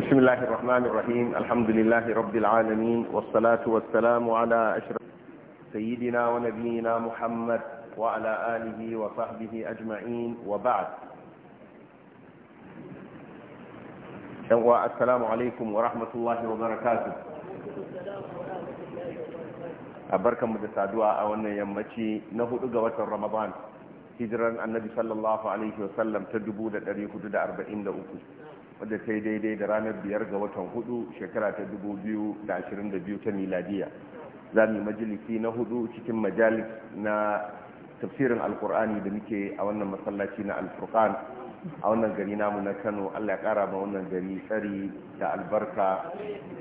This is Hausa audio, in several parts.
بسم الله الرحمن الرحيم الحمد لله رب العالمين والصلاة والسلام على أشرف سيدنا ونبينا محمد وعلى آله وصحبه أجمعين وبعد السلام عليكم ورحمة الله وبركاته أبرك أبركة متسادوا أولا يمتي نهو أقوة رمضان عليه وسلم sallallahu alaihi wasallam أربعين لأوكي wadda ta yi daidai da ranar biyar ga watan hudu shekara ta dubu biyu da da ashirin biyu ta miladiya za mu yi majalisi na hudu cikin majalis na tafsirin alkur'ani da muke a wannan masallaci na alfurkan a wannan gari namu na kano allah ya kara ma wannan gari tsari da albarka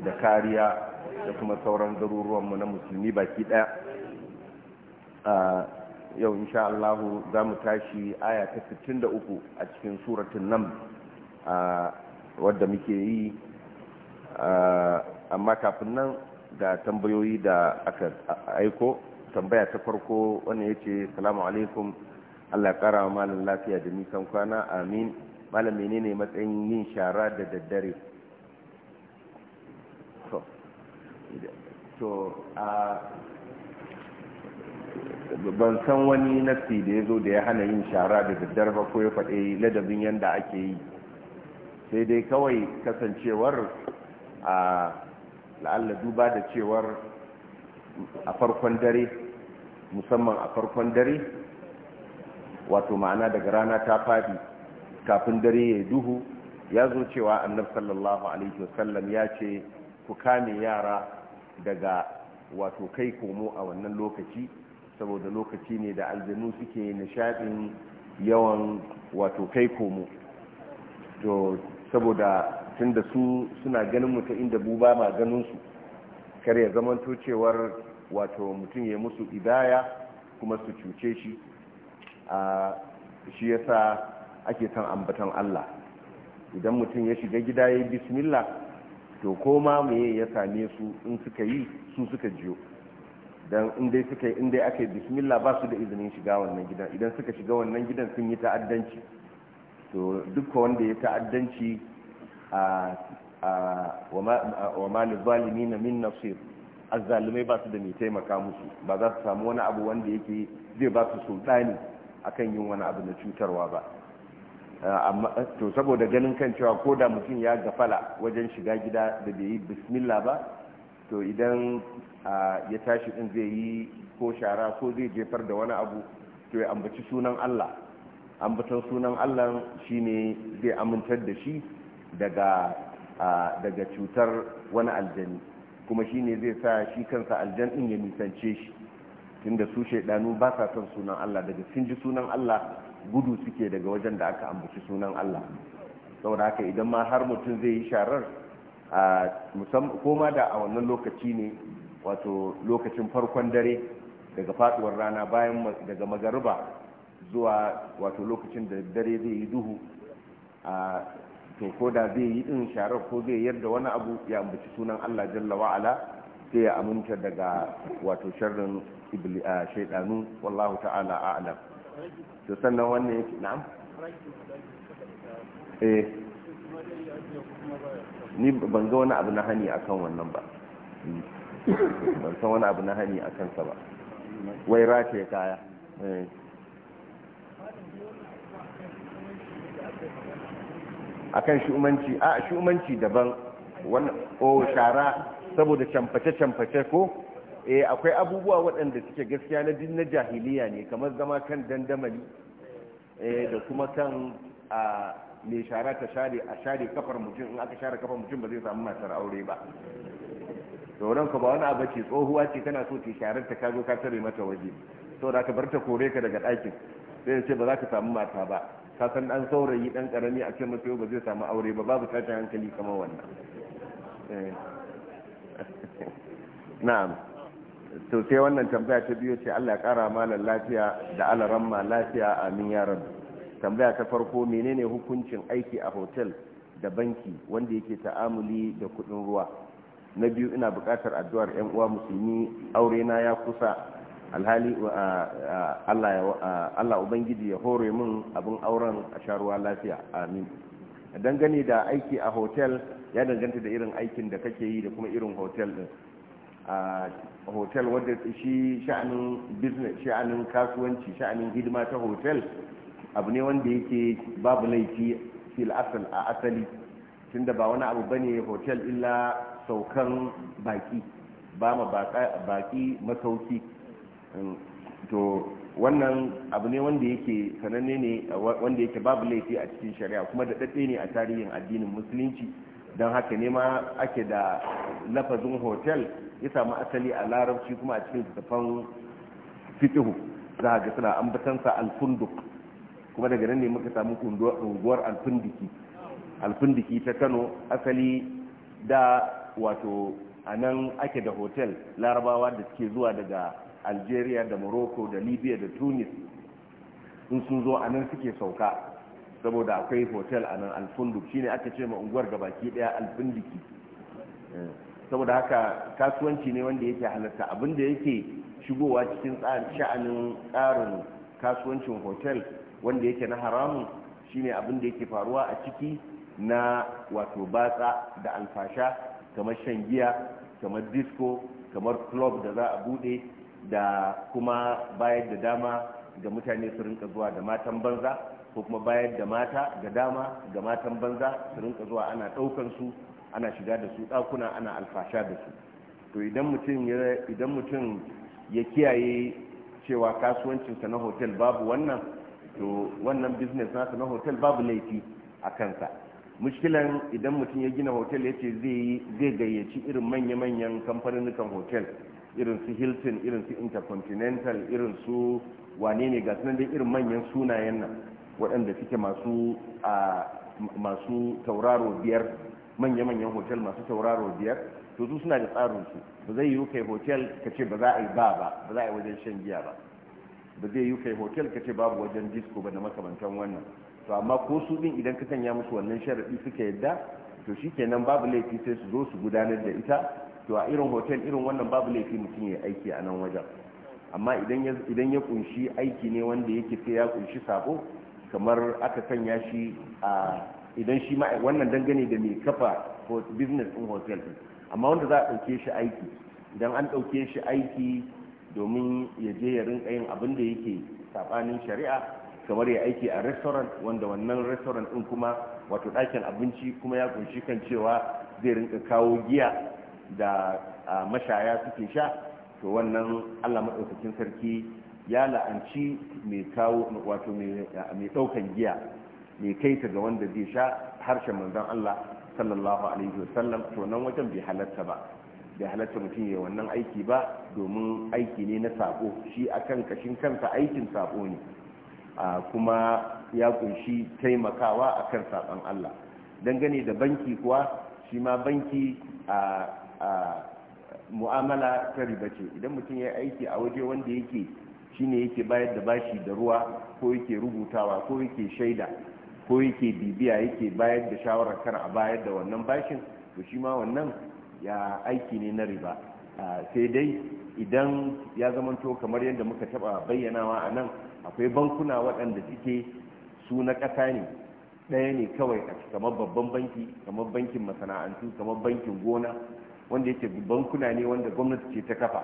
da kariya da kuma sauran garuruwanmu na musulmi baki daya yau insha allahu za mu tashi aya ta 63 a cikin suratun nan wadda muke yi ah, amma kafin nan ga tambayoyi da aka aiko tambaya ta farko wani ya ce salamu alaikum allah kara wa malam lafiya da nisan kwana amin malam ne matsayin yin shara da daddare to a ban san wani nafi da ya zo da ya hana yin shara da daddare ba ko ya faɗi ladabin yadda ake yi sai dai kawai kasancewar a la'alla duba da cewar a farkon dare musamman a farkon dare wato ma'ana daga rana ta fadi kafin dare ya duhu ya zo cewa annab sallallahu alaihi wasallam ya ce ku kame yara daga wato kai komo a wannan lokaci saboda lokaci ne da aljanu suke nishadin yawan wato kai komo to saboda tun da su suna ganin mu inda mu ba ma ganinsu, su kar ya zamanto cewar wato mutum ya musu idaya kuma su cuce shi a shi yasa ake san ambatan Allah idan mutum ya shiga gida ya yi bismillah to koma ma yi ya same su in suka yi su suka jiyo Don in suka yi inda aka yi bismillah ba su da izinin shiga wannan gidan idan suka shiga wannan gidan sun yi ta'addanci to duka wanda ya ta'addanci a wa malin zalimi na min nasir azzalumai ba su da mai taimaka musu ba za su samu wani abu wanda yake zai ba su sultani akan yin wani abu na cutarwa ba Amma to saboda ganin kan cewa ko da mutum ya gafala wajen shiga gida da bai yi bismillah ba to idan ya tashi din zai yi ko shara ko zai jefar da wani abu to ya ambaci sunan allah ambaton sunan allah shine zai amintar da shi daga cutar wani aljani kuma shine zai sa shi kansa aljan din ya nisance shi tunda su shaidanu ba sa son sunan allah daga sun ji sunan allah gudu suke daga wajen da aka ambaci sunan allah saboda haka idan ma har mutum zai yi sharar musamman koma da a wannan lokaci ne wato lokacin farkon dare daga faduwar rana bayan daga magariba zuwa wato lokacin da dare zai yi duhu a teko ko da zai yi din sharar ko zai yarda wani abu ya ambaci sunan Allah jalla wa'ala sai ya aminta daga wato sharrin shaidanu wallahu ta'ala a'lam to sannan wannan yake na'am eh ni ban ga wani abu na hani akan wannan ba ban san wani abu na hani akan sa ba wai rataye kaya eh a kan shi'umanci a shi'umanci daban wani shara saboda camface-camface ko e akwai abubuwa waɗanda suke gaskiya na din na jahiliya ne kamar zama kan dandamali eh, da kuma kan a mai shara ta share a share kafar mutum in aka share kafar mutum ba zai samu matar aure ba sauran ka ba wani abu ce tsohuwa ce tana so ce sharar ta kazo ka tare mata waje saboda ka bar ta kore ka daga ɗakin sai ce ba za ka samu mata ba ka san dan saurayi dan karami a ce masa ba zai samu aure ba babu tashin hankali kamar wannan eh. na'am to sai wannan tambaya ta biyu ce Allah ya kara malan lafiya da alaran ma lafiya amin ya rabu tambaya ta farko menene hukuncin aiki a hotel da banki wanda yake ta'amuli da kudin ruwa na biyu ina bukatar addu'ar yan uwa musulmi aure na ya kusa alhali uh, uh, uh, Allah ubangiji ya hore mun abin auren a sharuwa lafiya amin dangane da aiki a hotel ya danganta da irin aikin da kake yi da kuma irin hotel din a hotel wadda shi sha'anin business sha'anin kasuwanci sha'anin hidima ta hotel abu ne wanda yake babu laifi fil asal a asali tunda ba wani abu bane hotel illa saukan baki ba ma baki masauki to wannan abu ne wanda yake sananne ne wanda yake babu laifi a cikin shari'a kuma da daɗe ne a tarihin addinin musulunci don haka ne ma ake da lafazin hotel ya samu asali a larabci kuma a cikin tafan fitihu za ga suna ambatansa alfunduk kuma daga nan ne muka samu unguwar alfundiki alfundiki ta kano asali da wato a nan ake da hotel larabawa da suke zuwa daga algeria da morocco da libya da tunis in sun zo a nan suke sauka saboda akwai hotel a nan alfunduk shine aka ce ma unguwar gabaki daya alfunduki eh, saboda haka kasuwanci ne wanda yake halatta abinda yake shigowa cikin sha'anin tsarin kasuwancin hotel wanda yake na haramun shine abinda yake faruwa a ciki na wato batsa da alfasha kamar shan giya kamar disco kamar club da za a bude da kuma bayar da dama ga mutane su rinka zuwa da matan banza ko kuma bayar da mata ga dama ga matan banza su rinka zuwa ana ɗaukan su ana shiga da su ɗakuna ana alfasha da su to idan mutum idan mutum ya kiyaye cewa kasuwancinsa na hotel babu wannan to wannan business nasa na hotel babu laifi a kansa mushkilan idan mutum ya gina hotel ya ce zai gayyaci irin manya-manyan kamfanin hotel irin su hilton irin su intercontinental irin su wane ne ga sunan dai irin manyan sunayen nan waɗanda suke masu a masu tauraro biyar manya-manyan hotel masu tauraro biyar to su suna da tsarin su ba zai yiwu kai hotel ka ce ba za a yi ba ba ba za a yi wajen shan giya ba ba zai yiwu kai hotel ka ce babu wajen disco ba da makamantan wannan to amma ko su din idan ka sanya musu wannan sharaɗi suka yadda to shikenan babu laifi sai su zo su gudanar da ita to a irin hotel irin wannan babu laifi mutum ya aiki a nan wajen amma idan ya kunshi aiki ne wanda yake sai ya kunshi sabo kamar aka sanya shi a idan shi wannan dangane da mai kafa business in hotel amma wanda za a ɗauke shi aiki idan an ɗauke shi aiki domin ya je ya rinka yin abin da yake saɓanin shari'a kamar ya aiki a restaurant wanda wannan restaurant din kuma wato ɗakin abinci kuma ya kunshi kan cewa zai rinka kawo giya da mashaya suke sha to wannan Allah maɗaukakin sarki ya la'anci mai kawo wato mai ɗaukan giya mai kai ta ga wanda zai sha harshen manzon Allah sallallahu alaihi wasallam to nan wajen bai halarta ba bai halarta mutum ya wannan aiki ba domin aiki ne na sako shi akan kashin kansa aikin sako ne kuma ya kunshi taimakawa akan saban Allah dangane da banki kuwa shi ma banki mu'amala ta riba ce idan mutum ya aiki a waje wanda yake shine yake bayar da bashi da ruwa ko yake rubutawa ko yake shaida ko yake bibiya yake bayar da shawarar kar a bayar da wannan bashin to shi ma wannan ya aiki ne na riba sai dai idan ya zamanto kamar yadda muka taba bayyanawa a nan akwai bankuna waɗanda suke su na ƙasa ne ɗaya ne kawai a kamar babban banki kamar bankin masana'antu kamar bankin gona wanda yake bankuna ne wanda gwamnati ce ta kafa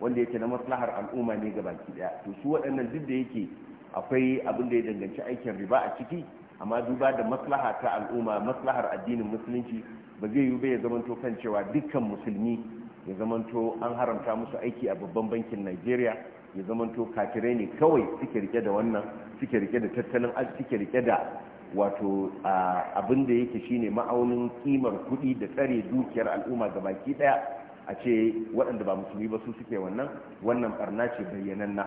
wanda yake na maslahar al'umma ne ga baki daya to su waɗannan duk da yake akwai abin da ya danganci aikin riba a ciki amma duba da maslaha ta al'umma maslahar addinin musulunci ba zai yi ba ya zamanto kan cewa dukkan musulmi ya zamanto an haramta musu aiki a babban bankin Najeriya ya zamanto kafirai ne kawai suke rike da wannan suke rike da tattalin arziki suke rike da wato abin da yake shine ma'aunin kimar kuɗi da tsare dukiyar al'umma ga baki ɗaya a ce waɗanda ba musulmi ba su suke wannan wannan barna ce bayyananna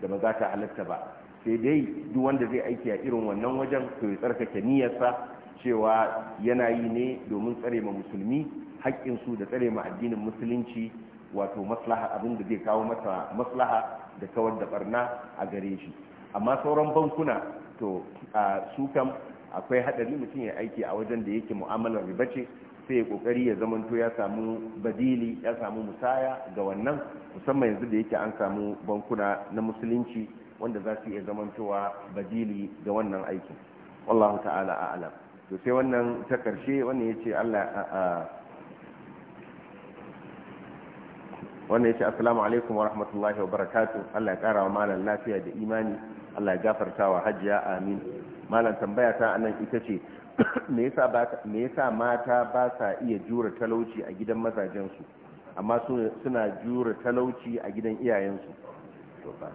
da ba za ta halatta ba sai dai duk wanda zai aiki a irin wannan wajen to ya tsarkake niyyarsa cewa yana yi ne domin tsare ma musulmi haƙƙinsu da tsare ma addinin musulunci wato maslaha abin da zai kawo mata maslaha da kawar da barna a gare shi amma sauran bankuna to su kam akwai hadari mutum ya aiki a wajen da yake mu'amalar riba ce sai ya kokari ya to ya samu badili ya samu musaya ga wannan musamman yanzu da yake an samu bankuna na musulunci wanda za su iya zamantawa badili ga wannan aikin wallahu ta'ala a'lam to sai wannan ta karshe wannan yace Allah wannan yace assalamu alaikum wa rahmatullahi wa barakatuh Allah ya kara wa malam lafiya da imani Allah ya gafarta wa hajiya amin malam tambaya ta anan ita ce me yasa ba me yasa mata ba sa iya jura talauci a gidan mazajen su amma suna jura talauci a gidan iyayensu to ba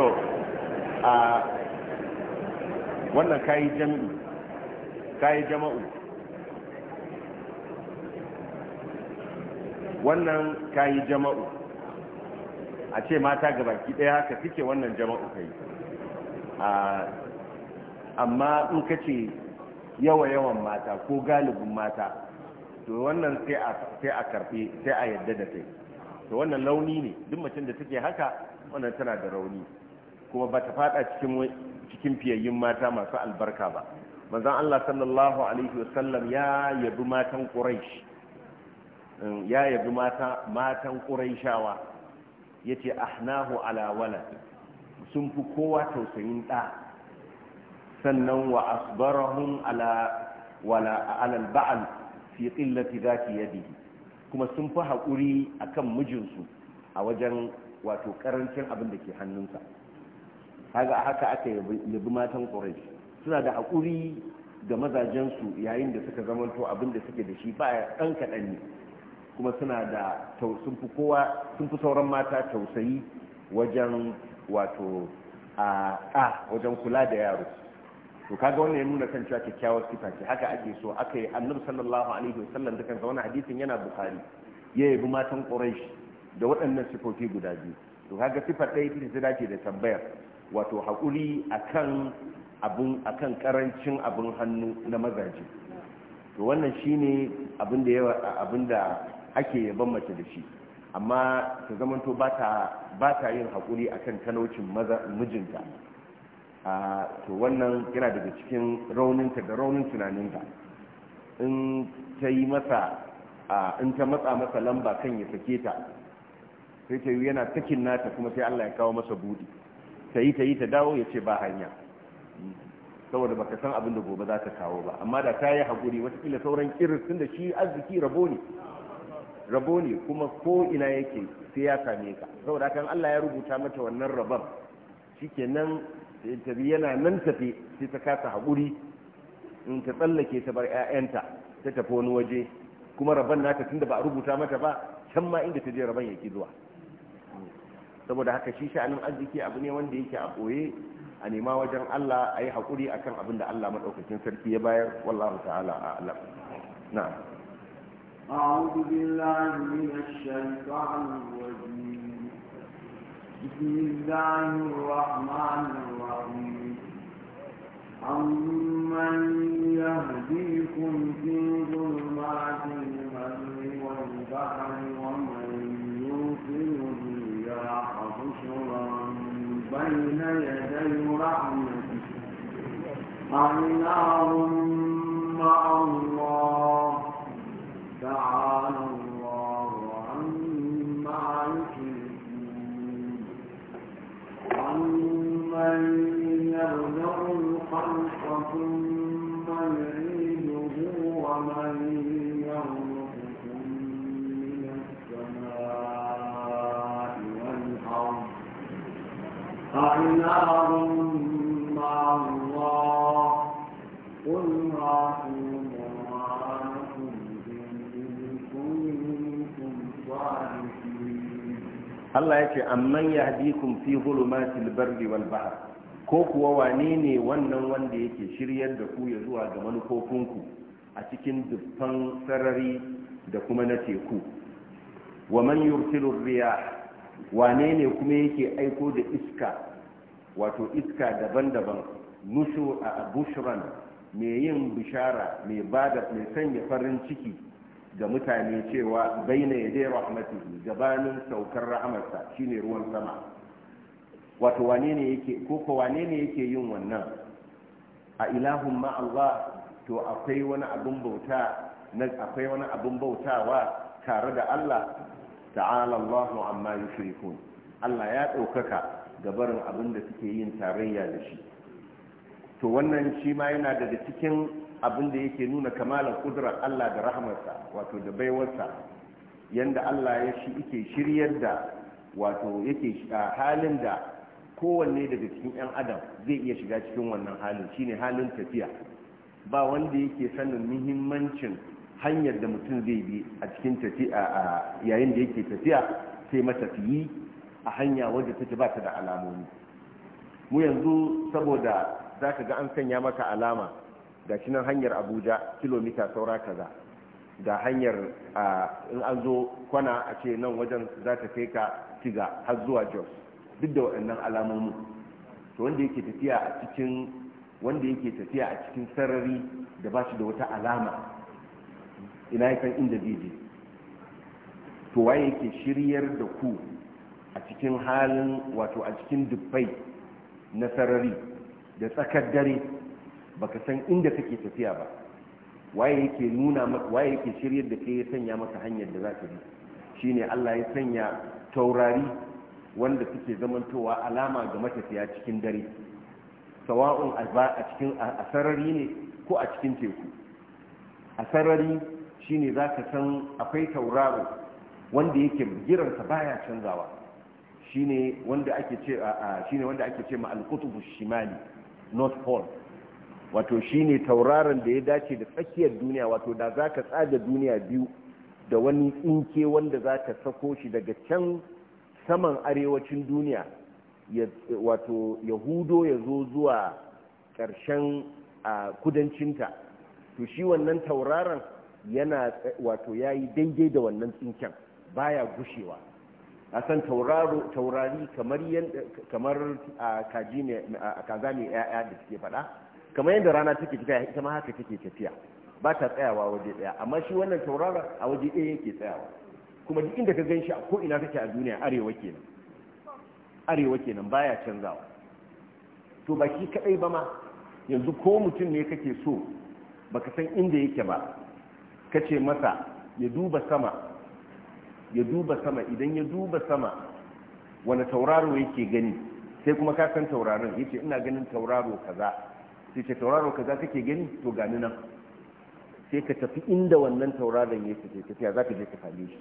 to a wannan kayi jam'i kayi jama'u wannan ka yi jama'u a ce mata gabaki baki ɗaya haka suke wannan jama'u kai amma in ka ce yawa-yawan mata ko galibin mata to wannan sai a karfe sai a yadda da sai to wannan launi ne duk mutum da take haka wannan tana da rauni kuma ba ta fada cikin fiyayyun mata masu albarka ba manzan allah sallallahu alaihi wasallam ya yabi matan ƙuraishi ya yabi mata matan ƙuraishawa yace ce ahnahu ala wala sun fi kowa tausayin ɗa sannan wa asbarahum ala wala alal ba'al fi qillati zati kuma sun fi haƙuri akan mijinsu a wajen wato ƙarancin abin da ke hannunsa haka haka aka yabi matan ƙuraish suna da haƙuri ga mazajensu yayin da suka zamanto abin da suke da shi ba ɗan kaɗan ne kuma suna da kowa sun fi sauran mata tausayi wajen wato a a wajen kula da yaro to kaga wannan ya nuna kan cewa kyakkyawar sifa ce haka ake so aka yi annabi sallallahu alaihi wasallam sallam kansa wannan hadisin yana bukhari ya yabi matan quraish da waɗannan sifofi guda biyu to kaga sifa ɗaya ita ta dace da tambayar wato hakuri akan abun akan karancin abun hannu na mazaje to wannan shine abin da yawa abin da ake yaban mace da shi amma ta zamanto ba ta yin haƙuri a kan talaucin mijinta to wannan yana daga cikin rauninta da raunin tunaninta in ta ta matsa masa lamba kan ya sake ta sai ta yi yana takin nata kuma sai allah ya kawo masa buɗi ta yi ta yi ta dawo ya ce ba hanya saboda baka san abin da gobe za ta kawo ba amma da ta yi haƙuri watakila sauran irin tun da shi arziki rabo ne rabo ne kuma ko ina yake sai ya same ka saboda kan Allah ya rubuta mata wannan rabon shikenan tabi yana nan tafi sai ta kasa haƙuri in ta tsallake ta bar 'ya'yanta ta tafi wani waje kuma rabon naka tunda ba a rubuta mata ba can ma inda ta je rabon yake zuwa saboda haka shi sha'anin arziki abu ne wanda yake a ɓoye a nema wajen Allah a yi haƙuri akan abin da Allah maɗaukakin sarki ya bayar wallahu ta'ala a alam na'am أعوذ بالله من الشيطان الرجيم بسم الله الرحمن الرحيم أمن يهديكم في ظلمات البر والبحر ومن يوصل الرياح بشرا بين يدي رحمته أإله مع الله ثم يعيده ومن يرزقكم من السماء والأرض أإله مع الله قل هاتوا إن كنتم صادقين الله أمن يهديكم في ظلمات البر والبحر ko kuwa wane ne wannan wanda yake shiryar da ku ya zuwa ga manufofinku a cikin dubban sarari da kuma na teku wa man yurtilu riya wane ne kuma yake aiko da iska wato iska daban-daban nushu a bushran mai yin bishara mai bada mai sanya farin ciki ga mutane cewa baina yadai rahmatihi gabanin saukar rahamarsa shine ruwan sama wato wane ne yake ko ko yake yin wannan a ilahun ma Allah to akwai wani abin bauta na akwai wani abin bautawa tare da Allah ta'ala Allahu amma yushrikun Allah ya ɗaukaka ga barin abin da suke yin tarayya da shi to wannan shi ma yana daga cikin abin da yake nuna kamalar kudurar Allah da rahamarsa wato da baiwarsa yanda Allah ya shi yake shiryar da wato yake halin da kowanne daga cikin 'yan adam zai iya shiga cikin wannan halin shine halin tafiya ba wanda yake sanin muhimmancin hanyar da mutum zai bi a cikin tafiya yayin da yake tafiya sai matafiyi a hanya wadda take ba ta da alamomi mu yanzu saboda za ka ga an sanya maka alama ga shi nan hanyar abuja kilomita saura kaza da hanyar in an zo kwana a ce nan wajen za ta kai ka tiga har zuwa jos duk da waɗannan alamomin to wanda yake tafiya a cikin wanda yake tafiya a cikin sarari da ba shi da wata alama ina ya san inda zai je to waye yake shiryar da ku a cikin halin wato a cikin dubbai na sarari da tsakar dare baka san inda kake tafiya ba waye yake nuna waye yake shiryar da kai ya sanya maka hanyar da za ka bi shine Allah ya sanya taurari wanda suke zamantowa alama ga matafiya cikin dare sawa'un a cikin a sarari ne ko a cikin teku a sarari shine za ka san akwai tauraro wanda yake girarsa baya canzawa shine wanda ake ce wanda ake ce ma al-qutbu shimali north pole wato shine tauraron da ya dace da tsakiyar duniya wato da za ka tsaga duniya biyu da wani tsinke wanda za ka sako shi daga can saman arewacin duniya wato yahudo ya zo zuwa ƙarshen kudancinta to shi wannan tauraron yana wato ya yi daidai da wannan tsinken baya gushewa a san taurari kamar kaza mai ya'ya da suke faɗa kamar yadda rana take tafiya ita ma haka take tafiya ba ta tsayawa waje ɗaya amma shi wannan tauraron a waje ɗaya yake tsayawa kuma duk inda ka gan shi a ko ina kake a duniya arewa kenan arewa kenan baya canzawa to ba shi kadai ba ma yanzu ko mutum ne kake so baka san inda yake ba kace masa ya duba sama ya duba sama idan ya duba sama wani tauraro yake gani sai kuma ka san tauraron yace ina ganin tauraro kaza sai ce tauraro kaza kake gani to gani nan sai ka tafi inda wannan tauraron yake tafiya za ka je ka same shi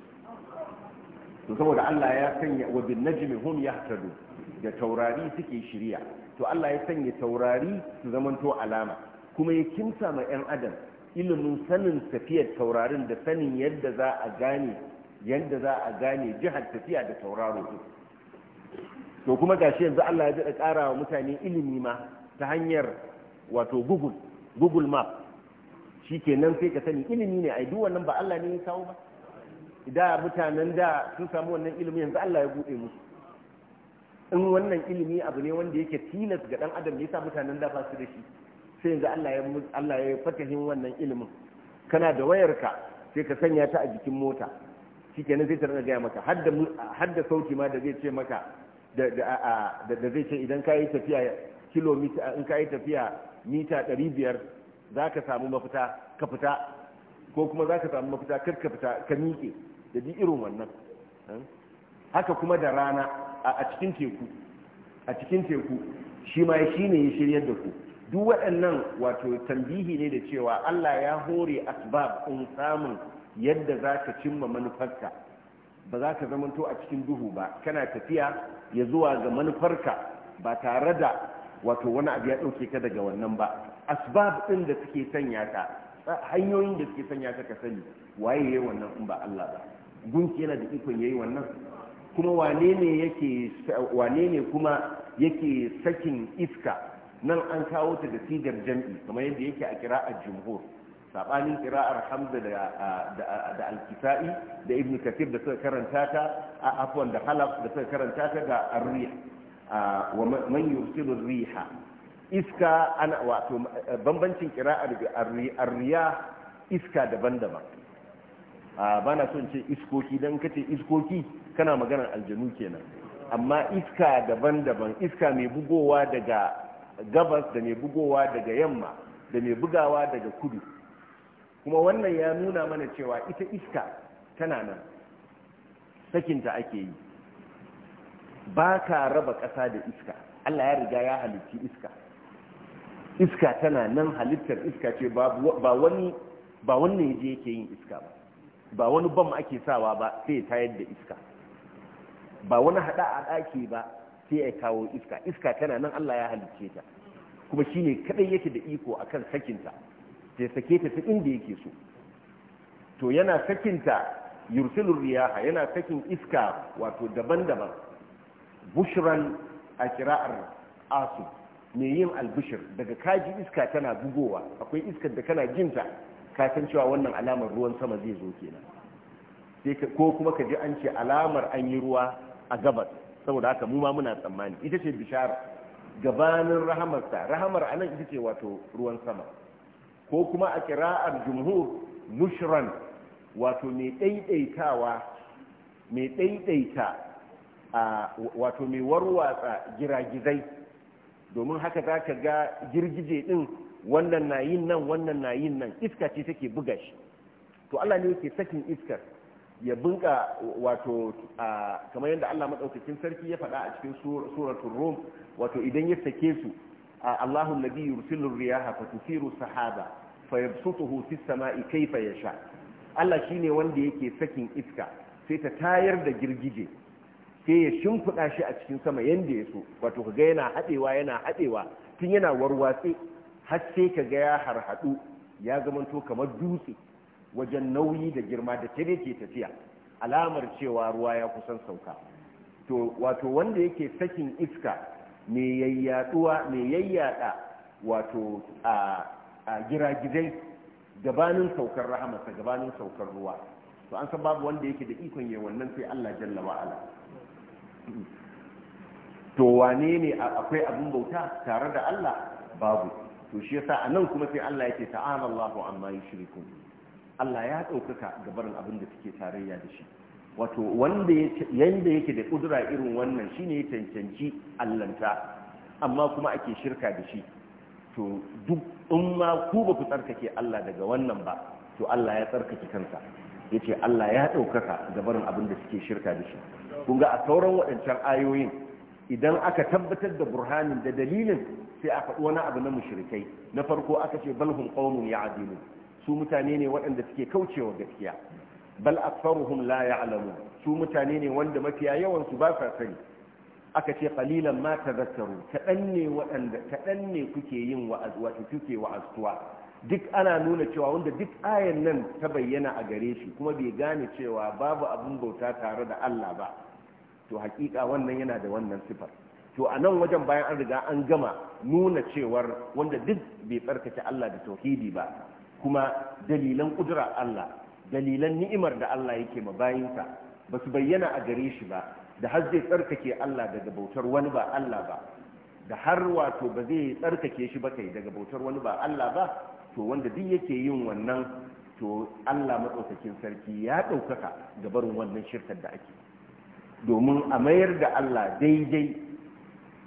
to saboda Allah ya sanya wa bin najmi hum yahtadu da taurari suke shiriya to Allah ya sanya taurari su zamanto alama kuma ya kimsa ma yan adam ilimin sanin tafiyar taurarin da sanin yadda za a gane yadda za a gane jihar tafiya da tauraro to kuma gashi yanzu Allah ya daɗa ƙara wa mutane ilimi ma ta hanyar wato Google Google Map shi kenan sai ka sani ilimi ne a duk wannan ba Allah ne ya kawo ba da mutanen da sun samu wannan ilimi yanzu Allah ya bude musu in wannan ilimi abu ne wanda yake tilas ga dan adam yasa mutanen da ba su da shi sai yanzu Allah ya Allah ya fatahin wannan ilimin kana da wayarka sai ka sanya ta a jikin mota shikenan zai tarna gaya maka hadda da sauti ma da zai ce maka da da zai ce idan yi tafiya kilomita in yi tafiya mita 500 zaka samu mafita ka fita ko kuma zaka samu mafita kar ka fita ka miƙe da bi irin wannan hmm? haka kuma da rana a cikin teku a cikin teku shi ma shi ne ya shiryar da ku duk waɗannan wato tambihi ne da cewa Allah ya hore asbab in samun yadda za ka cimma manufarka ba za ka zamanto a cikin duhu ba kana tafiya ya zuwa ga manufarka ba tare da wato wani abu ya ɗauke ka daga wannan ba asbab ɗin da suke sanya ka hanyoyin da suke sanya ka ka sani waye wannan in ba Allah ba gunki yana da ikon yayi wannan kuma wane ne yake wane ne kuma yake sakin iska nan an kawo ta da jam'i kamar yadda yake a kira'ar jumhur sabanin kira'ar hamza da alkisa'i da ibn kathir da suka karanta ta a afwan da halaf da suka karanta ta ga arriya wa man yursilu riha iska ana wato bambancin kira'ar arriya iska daban-daban a bana son ce iskoki dan kace iskoki kana maganar aljanu kenan amma iska daban-daban iska mai bugowa daga gabas da mai bugowa daga yamma da mai bugawa daga kudu kuma wannan ya nuna mana cewa ita iska tana nan sakinta ake yi ba ka raba ƙasa da iska allah ya riga ya halitti iska iska tana nan halittar iska ce ba wani ba wannan yaje yake yin iska ba ba wani bam ake sawa ba sai ya tayar da iska ba wani hada a daki ba sai ya kawo iska iska tana nan Allah ya halicce ta kuma shine kadai yake da iko akan sakinta sai sake ta ta inda yake so to yana sakinta yursilur riyaha yana sakin iska wato daban-daban bushran a kira'ar asu mai yin albushir daga kaji iska tana bugowa akwai iskar da kana jinta ka cewa wannan alamar ruwan sama zai zo kenan ko kuma ka ji an ce alamar an yi ruwa a gabas saboda haka mu ma muna tsammani ita ce bishara gabanin rahamarsa rahamar anan ita ce wato ruwan sama ko kuma a kira'ar jumhur nushran wato mai ɗaiɗaitawa mai ɗaiɗaita wato mai warwatsa giragizai domin haka za ka ga girgije ɗin wannan na yin nan wannan na yin nan iska ce take buga shi to Allah ne yake sakin iskar ya bunka wato kamar yadda Allah madaukakin sarki ya faɗa a cikin suratul rum wato idan ya sake su Allahu alladhi yursilu riyaha fatusiru sahaba fayabsutuhu fis sama'i kayfa yasha Allah shine wanda yake sakin iska sai ta tayar da girgije sai ya shimfiɗa shi a cikin sama yanda ya so wato kaga yana haɗewa yana haɗewa tun yana warwatse har sai ka ga ya harhaɗu ya zamanto kamar dutse wajen nauyi da girma da ta ke tafiya alamar cewa ruwa ya kusan sauka to wato wanda yake sakin iska me yayyaduwa me yayyada wato a giragizai gabanin saukar rahamarsa gabanin saukar ruwa to an san babu wanda yake da ikon yi wannan sai Allah jalla wa'ala to wane ne akwai abin bauta tare da Allah babu to shi yasa a nan kuma sai Allah yake ta'ala Allahu amma yushriku Allah ya ɗaukaka ga barin abin da suke tarayya da shi wato wanda yanda yake da kudura irin wannan shine ya cancanci allanta amma kuma ake shirka da shi to duk in ma ku ba ku tsarkake Allah daga wannan ba to Allah ya tsarkake kansa yace Allah ya ɗaukaka ga barin abin da suke shirka da shi kun ga a sauran waɗancan ayoyin idan aka tabbatar da burhanin da dalilin sai a faɗi wani abu na mushrikai na farko aka ce bal hum qaumun ya'dilun su mutane ne waɗanda suke kaucewa gaskiya bal aktharuhum la ya'lamun su mutane ne wanda mafiya yawan su ba sa sani aka ce qalilan ma tadhakkaru kadan ne waɗanda kadan ne kuke yin wa'azi wato kuke wa'aztuwa duk ana nuna cewa wanda duk ayan nan ta bayyana a gare shi kuma bai gane cewa babu abin bauta tare da Allah ba to hakika wannan yana da wannan sifar to a nan wajen bayan an riga an gama nuna cewar wanda duk bai tsarkake Allah da tauhidi ba kuma dalilan kudura Allah dalilan ni'imar da Allah yake ma bayinsa ba su bayyana a gare shi ba da har zai tsarkake Allah daga bautar wani ba Allah ba da har wato ba zai tsarkake shi ba kai daga bautar wani ba Allah ba to wanda duk yake yin wannan to Allah matsaukakin sarki ya ɗaukaka ga barin wannan shirkar da ake domin a mayar da Allah daidai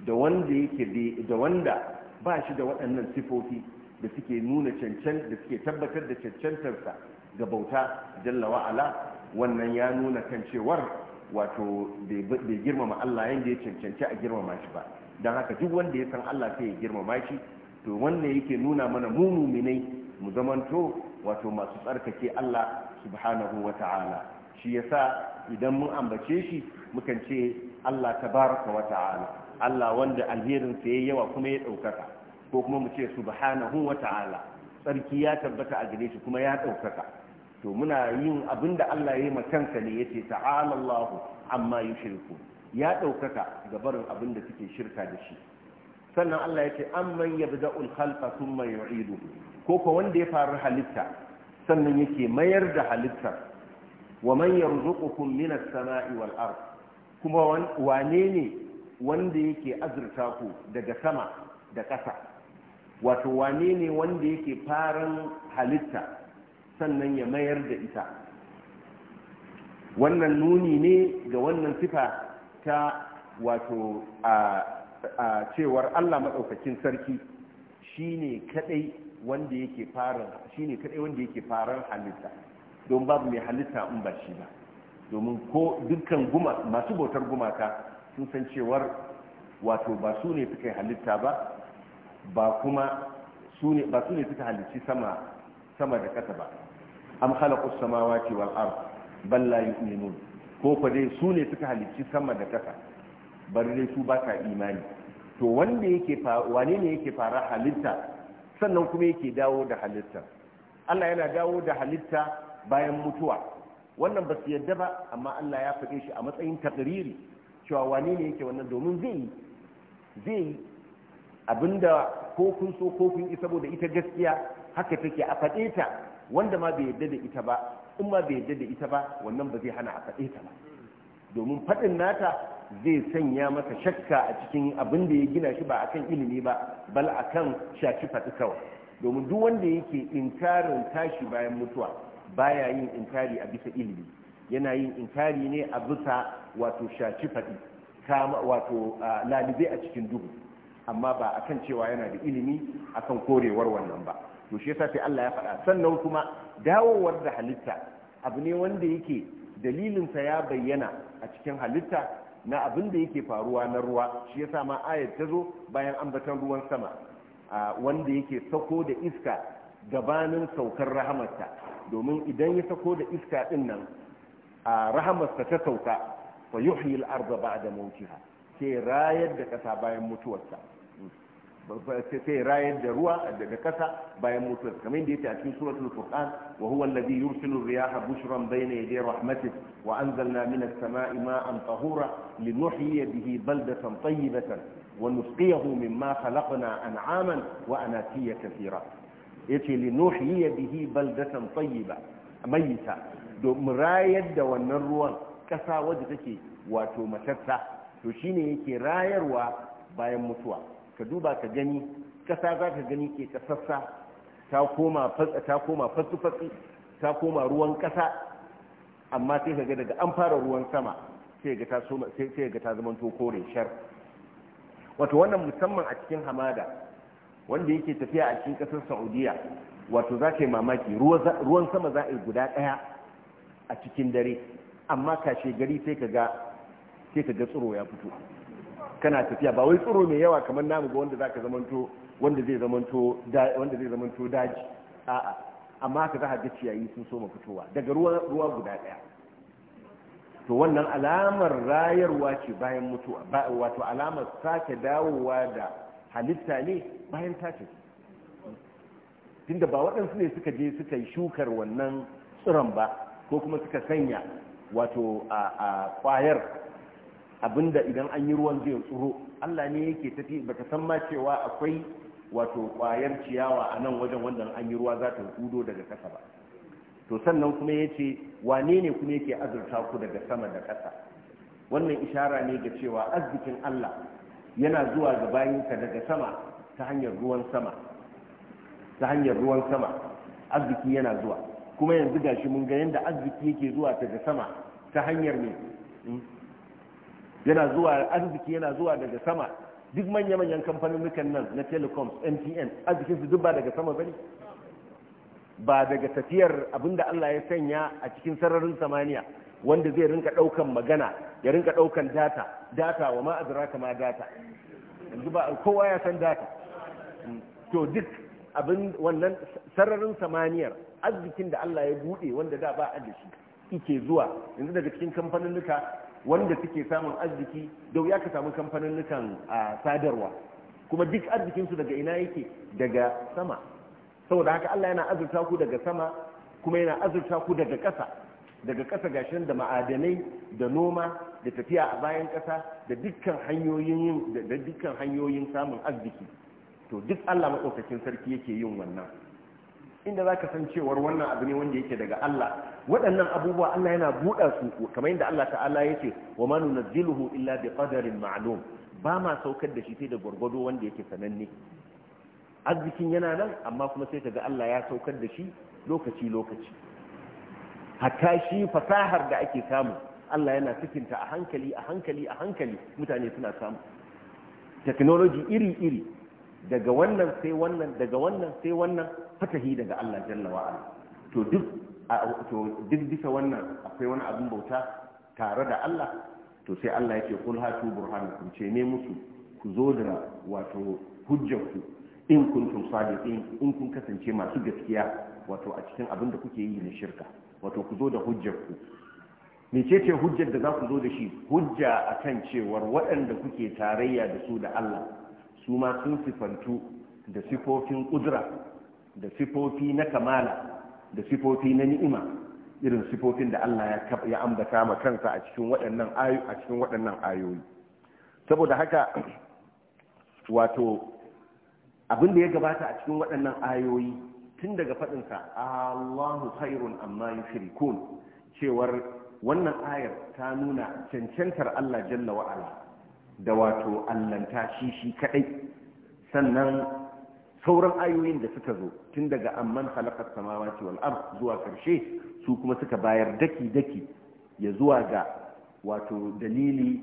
da wanda yake da wanda ba shi da waɗannan sifofi da suke nuna cancan da suke tabbatar da cancantarsa ga bauta jalla wa'ala wannan ya nuna kan cewar wato bai girmama Allah yadda ya cancanci a girmama shi ba don haka duk wanda ya san Allah sai ya girmama shi to wannan yake nuna mana mu muminai mu zamanto wato masu tsarkake Allah subhanahu wa ta'ala shi yasa idan mun ambace shi mukan ce Allah tabaraka wa ta'ala Allah wanda alherin sa yayi yawa kuma ya ɗaukaka, ko kuma mu ce subhanahu wa ta'ala tsarki ya tabbata a gare shi kuma ya ɗaukaka, to muna yin abinda Allah ya yi ma kansa ne yace ta'ala Allahu amma shirku ya ɗaukaka ga barin abinda suke shirka da shi sannan Allah ya ce amman yabda'ul khalqa thumma ido, ko ko wanda ya faru halitta sannan yake mayar da halittar wa man yarzuqukum minas sama'i wal kuma wane ne wanda yake azurta ku daga sama da ƙasa wato wane ne wanda yake farin halitta sannan ya mayar da ita wannan nuni ne ga wannan sifa ta wato a, cewar allah maɗaukakin sarki shine kadai wanda yake farin shine kadai wanda yake farin halitta don babu mai halitta in ba shi ba domin ko dukkan guma masu bautar gumaka sun san cewar wato ba su ne suka halitta ba ba kuma su ne ba su ne suka halicci sama sama da kasa ba am khalaqus samawati wal ard bal la yu'minun ko fa dai su ne suka halicci sama da kasa bari dai su ba ka imani to wanda yake wane ne yake fara halitta sannan kuma yake dawo da halitta Allah yana dawo da halitta bayan mutuwa wannan ba su yadda ba amma Allah ya faɗe shi a matsayin takriri cewa wane ne yake wannan domin zai yi abinda ko kun so ko kun yi saboda ita gaskiya haka take a faɗe ta wanda ma bai yadda da ita ba in ma bai yadda da ita ba wannan ba zai hana a faɗe ta ba domin faɗin nata zai sanya masa shakka a cikin abin da ya gina shi ba akan ilimi ba bal akan shaci faɗi kawai domin duk wanda yake inkarin tashi bayan mutuwa baya yin inkari a bisa ilimi yana yin inkari ne a bisa wato shaci faɗi wato lalibe a cikin duhu amma ba a kan cewa yana da ilimi a kan korewar wannan ba to shi yasa sai Allah ya faɗa sannan kuma dawowar da halitta abu ne wanda yake dalilinsa ya bayyana a cikin halitta na abin da yake faruwa na ruwa shi yasa ma ayat ta zo bayan ambatan ruwan sama wanda yake sako da iska gabanin saukar rahamarta domin idan ya sako da iska din nan a rahamarsa ta sauka fa yuhyi al-ardha ba'da mawtiha sai rayar da kasa bayan mutuwarsa sai rayar da ruwa daga kasa bayan mutuwar kamar da yake a cikin suratul furqan wa huwa alladhi yursilu riyaha bushran bayna yaday rahmatih wa anzalna minas samai ma'an tahura linuhyiya bihi baldatan tayyibatan wa nusqiyahu mimma khalaqna an'aman wa anatiya kathira yace linuhyiya bihi baldatan tayyiba mayyita domin rayar da wannan ruwan ƙasa wadda take wato matarsa to shi ne yake rayarwa bayan mutuwa ka duba ka gani kasa za ka gani ke ƙasassa ta koma fatsi-fatsi ta koma ruwan kasa amma sai ka ga daga an fara ruwan sama sai ga ta zama to kore shar wato wannan musamman a cikin hamada wanda yake tafiya a cikin ƙasar saudiya wato za ka yi mamaki ruwan sama za a yi guda ɗaya a cikin dare amma kashe gari sai ka ga sai ya fito kana tafiya ba wai tsoro mai yawa kamar namu ga wanda zaka zamanto wanda zai zamanto wanda zai zamanto daji a'a amma ka za ga ciyayi sun soma fitowa daga ruwa ruwa guda daya to wannan alamar rayarwa ce bayan mutuwa wato alamar sake dawowa da halitta ne bayan tace tafi tunda ba waɗansu ne suka je suka yi shukar wannan tsiron ba ko kuma suka sanya wato a kwayar abinda idan an yi ruwan zai tsoro Allah ne yake tafi baka san ma cewa akwai wato kwayar ciyawa a nan wajen wanda an yi ruwa za ta hudo daga kasa ba to sannan kuma ya ce wane ne kuma yake azurta ku daga sama da kasa wannan ishara ne ga cewa arzikin Allah yana zuwa ga bayinka daga sama ta hanyar ruwan sama ta yana zuwa kuma yanzu gashi mun ga yanda arziki yake zuwa daga sama ta hanyar ne hmm? yana zuwa arziki yana zuwa daga sama duk manya-manyan kamfanin nan na telecoms mtn su duk ba daga sama bane ba daga tafiyar abinda Allah ya sanya a cikin sararin samaniya wanda zai rinka daukan magana ya rinka daukan data data wa ma adraka ma data yanzu ba kowa ya san data hmm. to duk abin wannan sararin samaniyar arzikin da Allah ya buɗe wanda da ba a da shi ike zuwa yanzu daga cikin kamfaninnuka wanda suke samun arziki da ya ka samu kamfaninnukan sadarwa kuma duk arzikinsu daga ina yake daga sama saboda haka Allah yana azurta ku daga sama kuma yana azurta ku daga ƙasa daga ƙasa gashin da ma'adanai da noma da tafiya a bayan ƙasa da dukkan hanyoyin da dukkan hanyoyin samun arziki to duk Allah maɗaukakin sarki yake yin wannan inda za ka san cewar wannan abu ne wanda yake daga Allah waɗannan abubuwa Allah yana buɗa su kamar yadda Allah ta'ala ya ce wa ma ziluhu illa bi qadarin ma'lum ba ma saukar da shi sai da gwargwado wanda yake sananne arzikin yana nan amma kuma sai ka ga Allah ya saukar da shi lokaci lokaci hatta shi fasahar da ake samu Allah yana cikinta a hankali a hankali a hankali mutane suna samu technology iri iri daga wannan sai wannan daga wannan sai wannan fatahi daga Allah jalla wa ala to duk to duk bisa wannan akwai wani abin bauta tare da Allah to sai Allah yake kul hatu burhanakum ce ne musu ku zo da wato hujjanku in kuntum sadiqin in kun kasance masu gaskiya wato a cikin abin da kuke yi na shirka wato ku zo da hujjarku mecece hujjar da za ku zo da shi hujja akan cewar waɗanda kuke tarayya da su da Allah su ma sun sifantu da sifofin kudura da sifofi na kamala da sifofi na ni'ima irin sifofin da Allah ya ambata ma kansa a cikin waɗannan ayoyi saboda haka wato abin da ya gabata a cikin waɗannan ayoyi tun daga faɗin faɗinsa Allahu khairun amma yushrikun cewar wannan ayar ta nuna cancantar Allah jalla wa'ala da wato allanta shi shi kadai sannan sauran ayoyin da suka zo tun daga amman halakar samawati wal ard zuwa karshe su kuma suka bayar daki daki ya zuwa ga wato dalili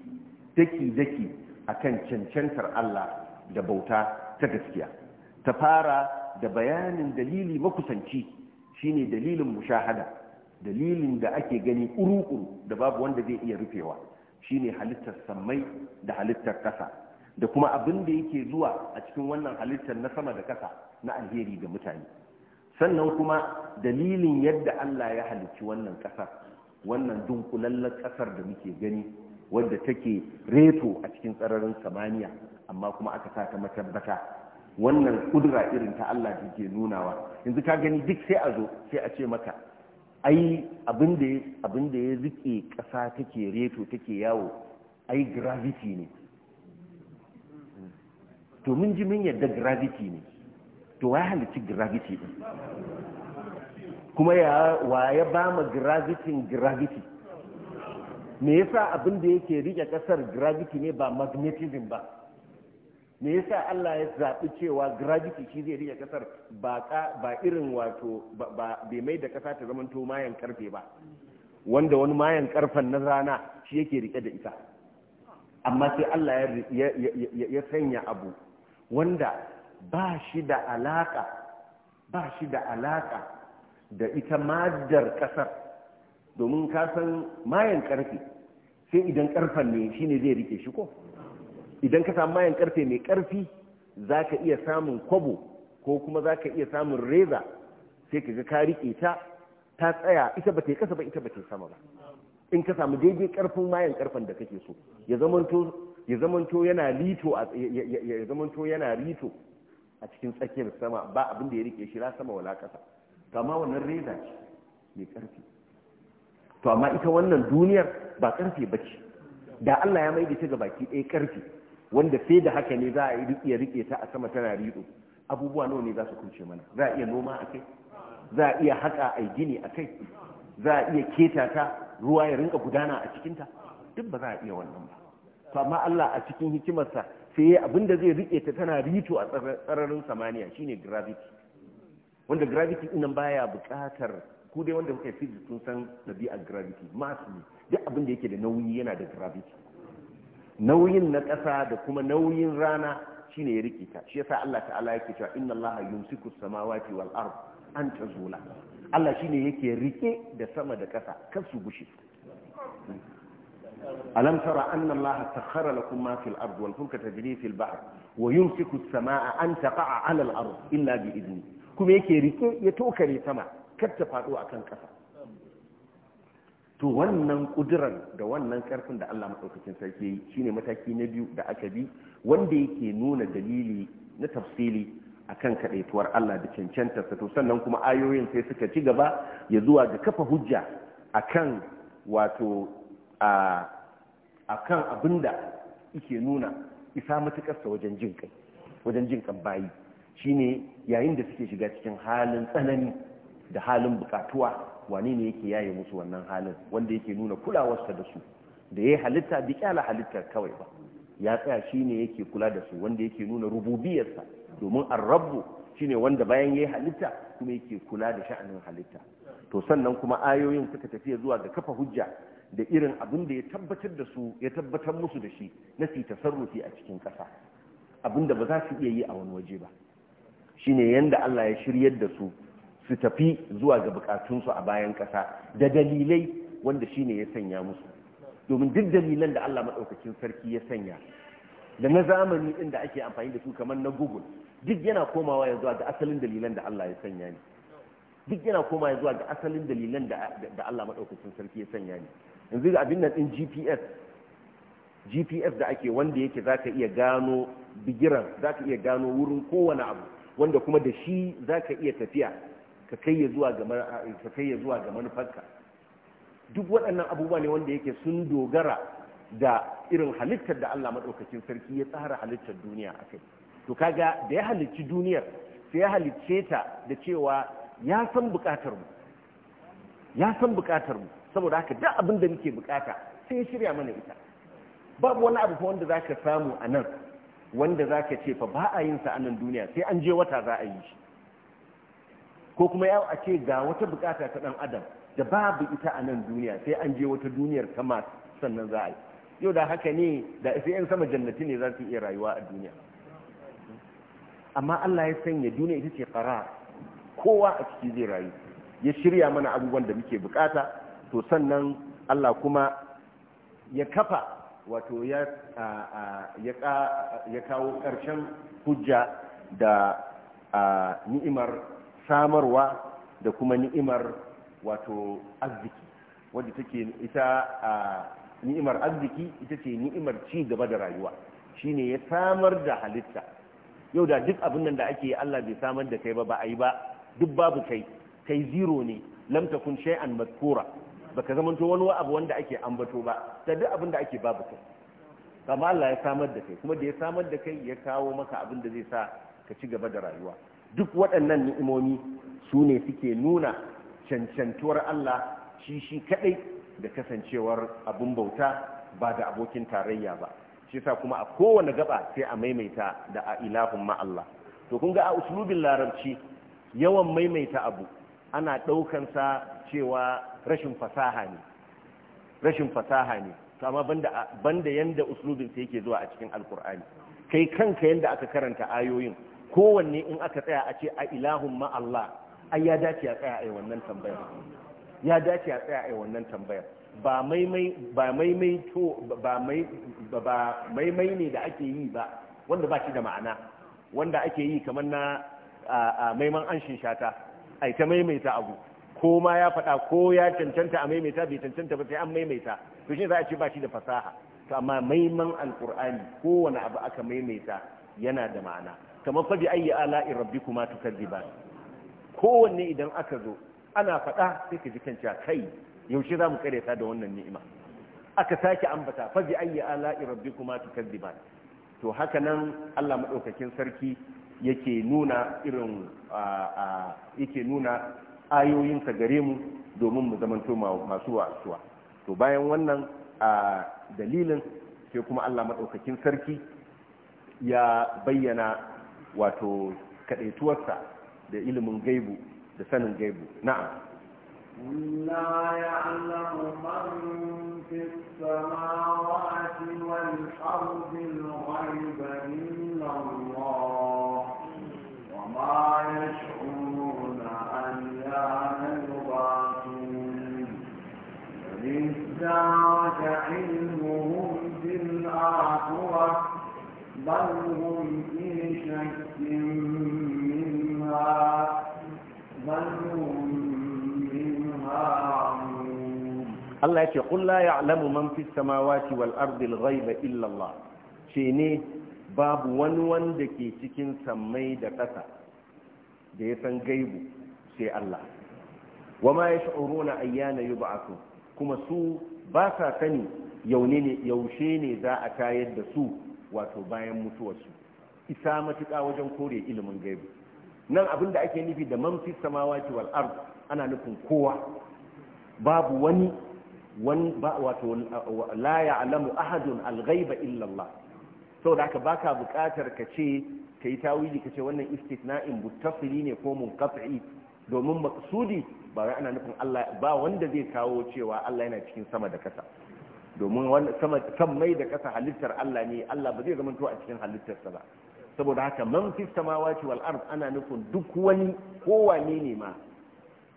daki daki akan cancantar Allah da bauta ta gaskiya ta fara da bayanin dalili makusanci shine dalilin mushahada dalilin da ake gani uru-uru da babu wanda zai iya rufewa shine halittar sammai da halittar ƙasa da kuma abin da yake zuwa a cikin wannan halittar na sama da ƙasa na alheri ga mutane sannan kuma dalilin yadda Allah ya halicci wannan ƙasar wannan dunkulallen ƙasar da muke gani wadda take reto a cikin tsararin samaniya amma kuma aka sa ta matabbata wannan kudura irin ta Allah da ke nunawa yanzu ka gani duk sai a zo sai a ce maka ai abin da ya rike ƙasa take reto take yawo ai gravity ne to mun ji mun yadda gravity ne to wa halitta gravity din kuma ya wa ya ba mu gravity gravity me yasa abin da yake rike ƙasar gravity ne ba magnetism ba me yasa Allah ya zaɓi cewa gravity shi zai rike kasar ba ba irin wato ba bai mai da kasa ta zamanto mayan karfe ba wanda wani mayan karfen na rana shi yake rike da ita amma sai Allah ya sanya abu wanda ba shi da alaka ba shi da alaka da ita madar kasar domin ka san mayan karfe sai idan karfen ne shine zai rike shi ko idan ka samu mayan karfe mai karfi za ka iya samun kwabo ko kuma za ka iya samun reza sai ka ga ka riƙe ta ta tsaya ita ba ta yi kasa ba ita ba ta yi sama ba in ka samu daidai karfin mayan karfen da kake so ya zamanto yana yana rito a cikin tsakiyar sama ba abin da ya rike shi la sama wala kasa to amma wannan reza ce mai karfi to amma ita wannan duniyar ba karfi ba ce da Allah ya mai da ta ga baki ɗaya karfi wanda sai da haka ne za a iya rike ta a sama tana rido abubuwa nawa ne za su kunce mana za a iya noma a kai za a iya haka a gini a kai za a iya keta ta ruwa ya rinka gudana a cikinta duk ba za a iya wannan ba to amma Allah a cikin hikimarsa sai ya abinda zai rike ta tana rito a tsararin samaniya shine gravity wanda gravity ɗin nan baya buƙatar ku dai wanda kuka yi physics sun san ɗabi'ar gravity mass ne duk abin da yake da nauyi yana da gravity nauyin na ƙasa da kuma nauyin rana shine ya rike ta shi yasa Allah ta'ala yake cewa inna Allah yumsiku samawati wal ard an tazula Allah shine yake rike da sama da ƙasa kar su gushe alam tara anna Allah sakhara lakum ma fil ard wal fulka tajri fil bahr wa yumsiku samaa an taqa'a 'ala al ard illa bi idni kuma yake rike ya tokare sama kar ta faɗo akan ƙasa to wannan kudiran da wannan karfin da Allah maɗaukakin sarki yi shine mataki na biyu da aka bi wanda yake nuna dalili na tafsili akan kaɗaituwar Allah da cancantarsa to sannan kuma ayoyin sai suka ci gaba ya zuwa ga kafa hujja akan wato a akan abinda yake nuna isa matukarsa wajen jin kai wajen jin kan bayi shine yayin da suke shiga cikin halin tsanani da halin bukatuwa Wani ne yake yaye musu wannan halin wanda yake nuna kulawarsa da su da ya halitta bi kyala halitta kawai ba ya tsaya shi ne yake kula da su wanda yake nuna rububiyarsa domin arrabu shi ne wanda bayan ya yi halitta kuma yake kula da sha'anin halitta to sannan kuma ayoyin suka tafiya zuwa ga kafa hujja da irin abin da ya tabbatar da su ya tabbatar musu da shi na su tasarrufi a cikin ƙasa abin da ba za su iya yi a wani waje ba shine yadda Allah ya shiryar da su su tafi zuwa ga bukatunsu a bayan kasa. da dalilai wanda shine ya sanya musu domin duk dalilan da Allah maɗaukakin sarki ya sanya da na zamani inda ake amfani da su kamar na google duk yana komawa ya zuwa ga asalin dalilan da Allah ya sanya ne duk yana komawa ya zuwa ga asalin dalilan da Allah maɗaukakin sarki ya sanya ne yanzu ga abin nan ɗin gps gps da ake wanda yake za ka iya gano bigiran za ka iya gano wurin kowane abu wanda kuma da shi za ka iya tafiya ka kai ya zuwa ga manufarka duk waɗannan abubuwa ne wanda yake sun dogara da irin halittar da Allah maɗaukacin sarki ya tsara halittar duniya a kai to kaga da ya halicci duniyar sai ya halicce ta da cewa ya san buƙatar mu ya san buƙatar mu saboda haka duk abin da muke buƙata sai ya shirya mana ita babu wani abu fa wanda zaka samu a nan wanda zaka ce fa ba a yin sa a nan duniya sai an je wata za a yi shi ko kuma yau a ce ga wata bukata ta dan adam da babu ita a nan duniya sai an je wata duniyar kama sannan za a yi yau da haka ne da sai yan sama jannati ne za su iya rayuwa a duniya amma Allah ya sanya duniya ita ce qara kowa a ciki zai rayu ya shirya mana abubuwan da muke bukata to sannan Allah kuma ya kafa wato ya kawo karshen hujja da ni'imar samarwa da kuma ni'imar wato arziki wadda take ita a ni'imar arziki ita ce ni'imar ci gaba da rayuwa shine ya samar da halitta yau da duk abin nan da ake Allah bai samar da kai ba ba a yi ba duk babu kai kai zero ne lam takun shay'an madkura baka zamanto wani abu wanda ake ambato ba da duk abin da ake babu kai Allah ya samar da kai kuma da ya samar da kai ya kawo maka abin da zai sa ka ci gaba da rayuwa duk waɗannan ni'imomi su ne suke nuna cancantuwar Allah shi shi kaɗai da kasancewar abin bauta ba da abokin tarayya ba shi sa kuma a kowane gaba sai a maimaita da a ilahun ma'allah to kun ga a uslubin larabci yawan maimaita abu ana ɗaukansa cewa rashin fasaha ne rashin fasaha ne kama banda yanda uslubin sai yake zuwa a cikin alkur'ani kai kanka yanda aka karanta ayoyin kowanne in aka tsaya a ce a ilahun ma Allah ai ya dace a tsaya a wannan tambayar ya dace a tsaya a wannan tambayar ba maimai to ba maimai ne da ake yi ba wanda ba shi da ma'ana wanda ake yi kamar na maiman anshin shata ai ta maimaita abu ko ma ya faɗa ko ya cancanta a maimaita bai cancanta ba sai an maimaita to shi za a ce ba shi da fasaha to amma maiman alkur'ani kowane abu aka maimaita yana da ma'ana kamar fa bi ayyi ala'i rabbikuma tukadziban kowanne idan aka zo ana faɗa sai ka ji kan cewa kai yaushe za mu karyata da wannan ni'ima aka sake ambata fa bi ayyi ala'i rabbikuma tukadziban to haka nan Allah madaukakin sarki yake nuna irin yake nuna ayoyinsa gare mu domin mu zamanto masu wasuwa to bayan wannan dalilin sai kuma Allah madaukakin sarki ya bayyana wato kaɗaituwarsa da ilimin gaibu da sanin gaibu na'am la ya alamu marun fi sama wa a ti wani ƙarfin wani gani na wa wa ma ya shuru na an ya nanu ba su ne da ضرهم في شك منها ضرهم منها الله يقول لا يعلم من في السماوات والأرض الغيب إلا الله شيني باب وان وان دكي تكين سمي دكتا دي يسن غيب سي الله وما يشعرون أيان يبعثوا كما سو باسا تني يونيني يوشيني ذا أكايد سو wato bayan mutuwarsu isa matuƙa wajen kore ilimin gaibi nan abin da ake nufi da mamfi samawati wal ard ana nufin kowa babu wani wani wato la ya'lamu ahadun al ghaiba illa Allah saboda haka baka buƙatar ka ce kai tawili ka ce wannan istithna'in muttasili ne ko munqati domin maqsudi ba ana nufin Allah ba wanda zai kawo cewa Allah yana cikin sama da kasa domin kan mai da ƙasa halittar Allah ne Allah ba zai zamanto a cikin halittarsa ba saboda haka man fi samawati wal ard ana nufin duk wani kowane ne ma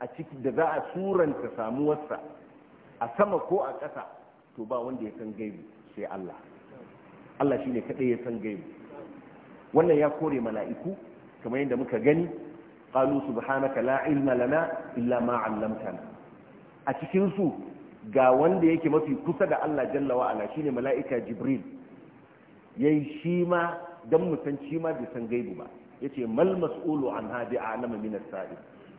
a ciki da za a suranta samuwarsa a sama ko a ƙasa to ba wanda ya san gaibu sai Allah Allah shine kaɗai ya san gaibu wannan ya kore mala'iku kamar yadda muka gani qalu subhanaka la ilma lana illa ma 'allamtana a cikin su ga wanda yake mafi kusa da Allah jalla shine mala'ika jibril yayi shi ma dan mutan shi ma bai san gaibu ba ce mal mas'ulu an hadi a'lama min as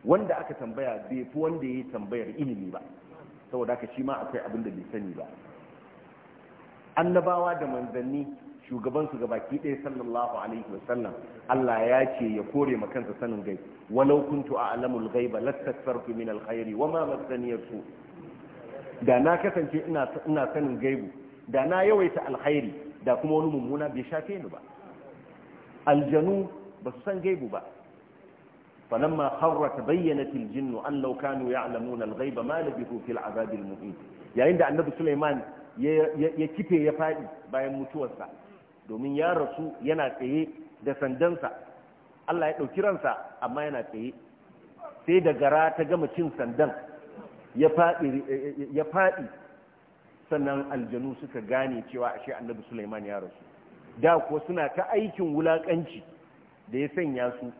wanda aka tambaya bai fi wanda yi tambayar ilimi ba saboda aka shi ma akwai abin da bai sani ba annabawa da manzanni shugaban su gabaki ɗaya sallallahu alaihi wasallam Allah ya ce ya kore ma kansa sanin gai. walau kuntu a'lamul gaiba lastakfartu min alkhairi wama masaniyar su. da na kasance ina sanin gaibu da na yawaita alkhairi da kuma wani mummuna bai shafe ni ba aljanu ba su san gaibu ba فلما خر تبينت الجن أن لو كانوا يعلمون الغيب ما لبثوا في Yayin da يعني Suleiman ya kife ya faɗi bayan mutuwarsa domin ya rasu yana tsaye da sandansa Allah ya ɗauki ransa amma yana tsaye sai da gara ta gama cin sandan ya faɗi sannan aljanu suka gane cewa ashe annabi Sulaiman ya rasu da kuwa suna ta aikin wulaƙanci da ya sanya su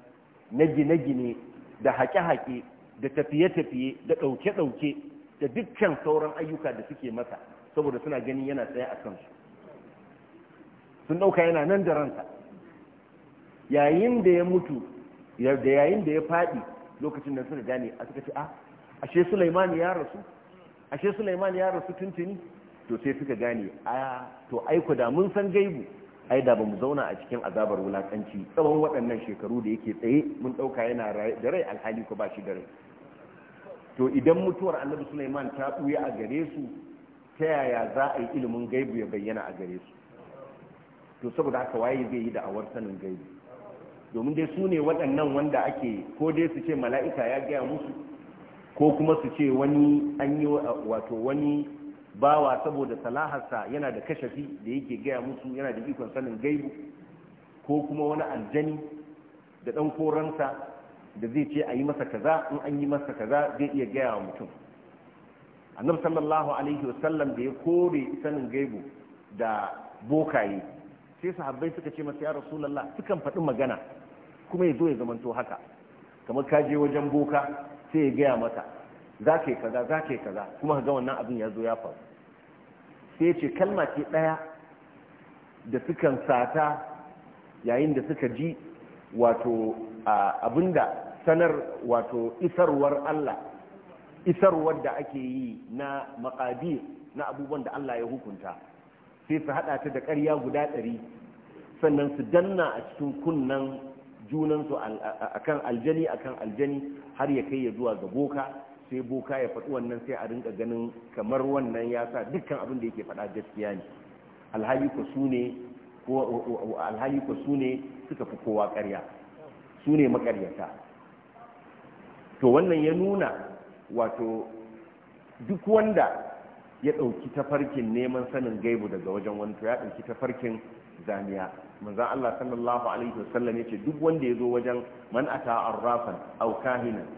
na gine-gine da haƙe-haƙe da tafiye-tafiye da ɗauke-ɗauke da dukkan sauran ayyuka da suke masa saboda suna ganin yana tsaye a kansu sun ɗauka yana nan da ransa yayin da ya mutu yayin da ya faɗi lokacin da suka gane a suka ce a ah, ashe Sulaiman ya rasu ashe Sulaiman ya rasu tuntuni to sai suka gane a to aiko da mun san gaibu ai da bamu zauna a cikin azabar wulakanci tsawon waɗannan shekaru da yake tsaye mun ɗauka yana da rai alhali ko ba shi da rai to idan mutuwar annabi Sulaiman ta ɓuya a gare su ta yaya za a yi ilimin gaibu ya bayyana a gare su to saboda haka waye zai yi da'awar sanin gaibu domin dai su ne waɗannan wanda ake ko dai su ce mala'ika ya gaya musu ko kuma su ce wani an yi uh, wato wani bawa saboda salaharsa yana da kashafi da yake gaya musu yana da ikon sanin gaibu ko kuma wani aljani da ɗan koransa da zai ce a yi masa kaza in an yi masa kaza zai iya gaya wa mutum annab sallallahu alaihi wasallam da ya kore sanin gaibu da bokaye sai sahabbai suka ce masa ya rasulullah sukan faɗi magana kuma ya zo ya zamanto haka kamar ka je wajen boka sai ya gaya mata za ka yi kaza za ka yi kaza kuma ga wannan abin ya zo ya faru sai ya ce kalma ke ɗaya da suka sata yayin da suka ji wato abinda sanar wato isarwar Allah isarwar da ake yi na makadir na abubuwan da Allah ya hukunta sai su haɗa ta da ƙarya guda ɗari sannan su danna a cikin kunnan. junansu akan aljani akan aljani har ya kai ya zuwa ga boka sai boka ya faɗi wannan sai a rinka ganin kamar wannan ya sa dukkan abin da yake faɗa gaskiya ne alhali ku su ne ko alhali suka fi kowa ƙarya su ne makaryata to wannan ya nuna wato duk wanda ya ɗauki tafarkin neman sanin gaibu daga wajen wani to ya ɗauki tafarkin zamiya manzon Allah sallallahu alaihi wasallam ce duk wanda ya zo wajen man ata arrafan aw kahinan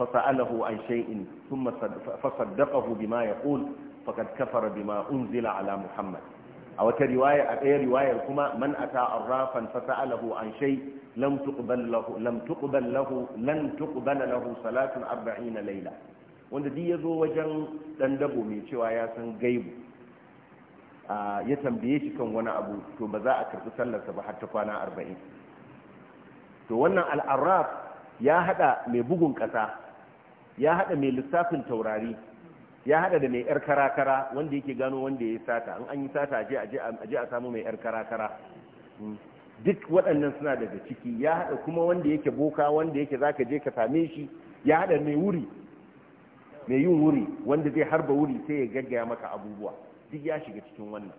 fa sa'alahu an shay'in thumma fa saddaqahu bima yaqul faqad kafara bima unzila ala muhammad a wata riwaya a ɗaya riwayar kuma man ata arrafan fa sa'alahu an shay lam tuqbal lahu lam tuqbal lahu lan tuqbal lahu salatun 40 layla wanda duk zo wajen dan dabo mai cewa ya san gaibu ya tambaye shi kan wani abu to ba za a karɓi sallarsa ba har ta kwana arba'in to wannan al'arraf ya haɗa mai bugun ƙasa ya haɗa mai lissafin taurari ya haɗa da mai 'yar karakara wanda yake gano wanda ya sata an an yi sata a je a samu mai 'yar karakara hmm. duk waɗannan suna daga ciki ya haɗa kuma wanda yake boka wanda yake za ka je ka same shi ya haɗa mai wuri mai yin wuri wanda zai harba wuri sai ya gaggaya maka abubuwa duk ya shiga cikin wannan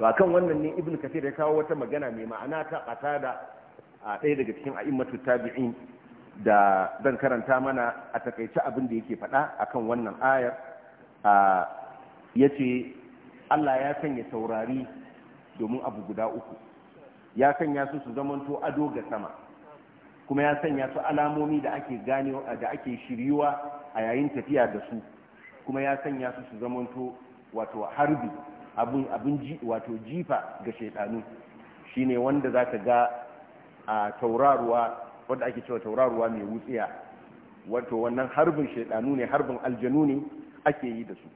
to kan wannan ne Ibn kathir ya kawo wata magana mai ma'ana ta da a ɗaya daga cikin a'immatu tabi'in da zan karanta mana a takaice abin da yake faɗa akan wannan ayar yace Allah ya sanya saurari domin abu guda uku ya sanya su su zamanto ado ga sama kuma ya sanya su alamomi da ake ganewa da ake shiryuwa a yayin tafiya da su kuma ya sanya su su zamanto wato harbi abin wato jifa ga shaidanu shine wanda zaka ga a tauraruwa wanda ake cewa tauraruwa mai wutsiya wato wannan harbin shaidanu ne harbin aljanu ne ake yi da su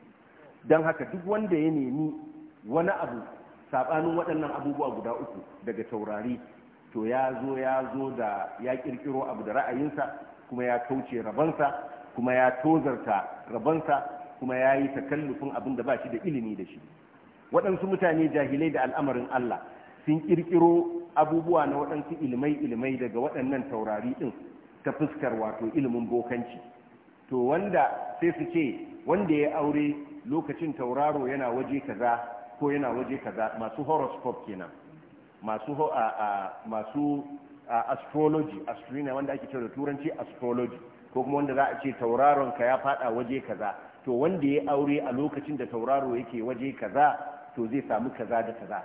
don haka duk wanda ya nemi wani abu sabanin waɗannan abubuwa guda uku daga taurari to ya zo ya zo da ya kirkiro abu da ra'ayinsa kuma ya kauce rabansa kuma ya tozarta rabansa kuma ya yi takallufin abin da ba shi da ilimi da shi waɗansu mutane jahilai da al'amarin Allah sun ƙirƙiro abubuwa na waɗansu ilimai-ilimai daga waɗannan taurari ɗin ta fuskar wato ilimin bokanci to wanda sai su ce wanda ya aure lokacin tauraro yana waje kaza ko yana waje kaza masu horoscope kenan masu masu astrology astrina wanda ake cewa da turanci astrology ko kuma wanda za a ce tauraron ka ya fada waje kaza to wanda ya aure a lokacin da tauraro yake waje kaza to zai samu kaza da kaza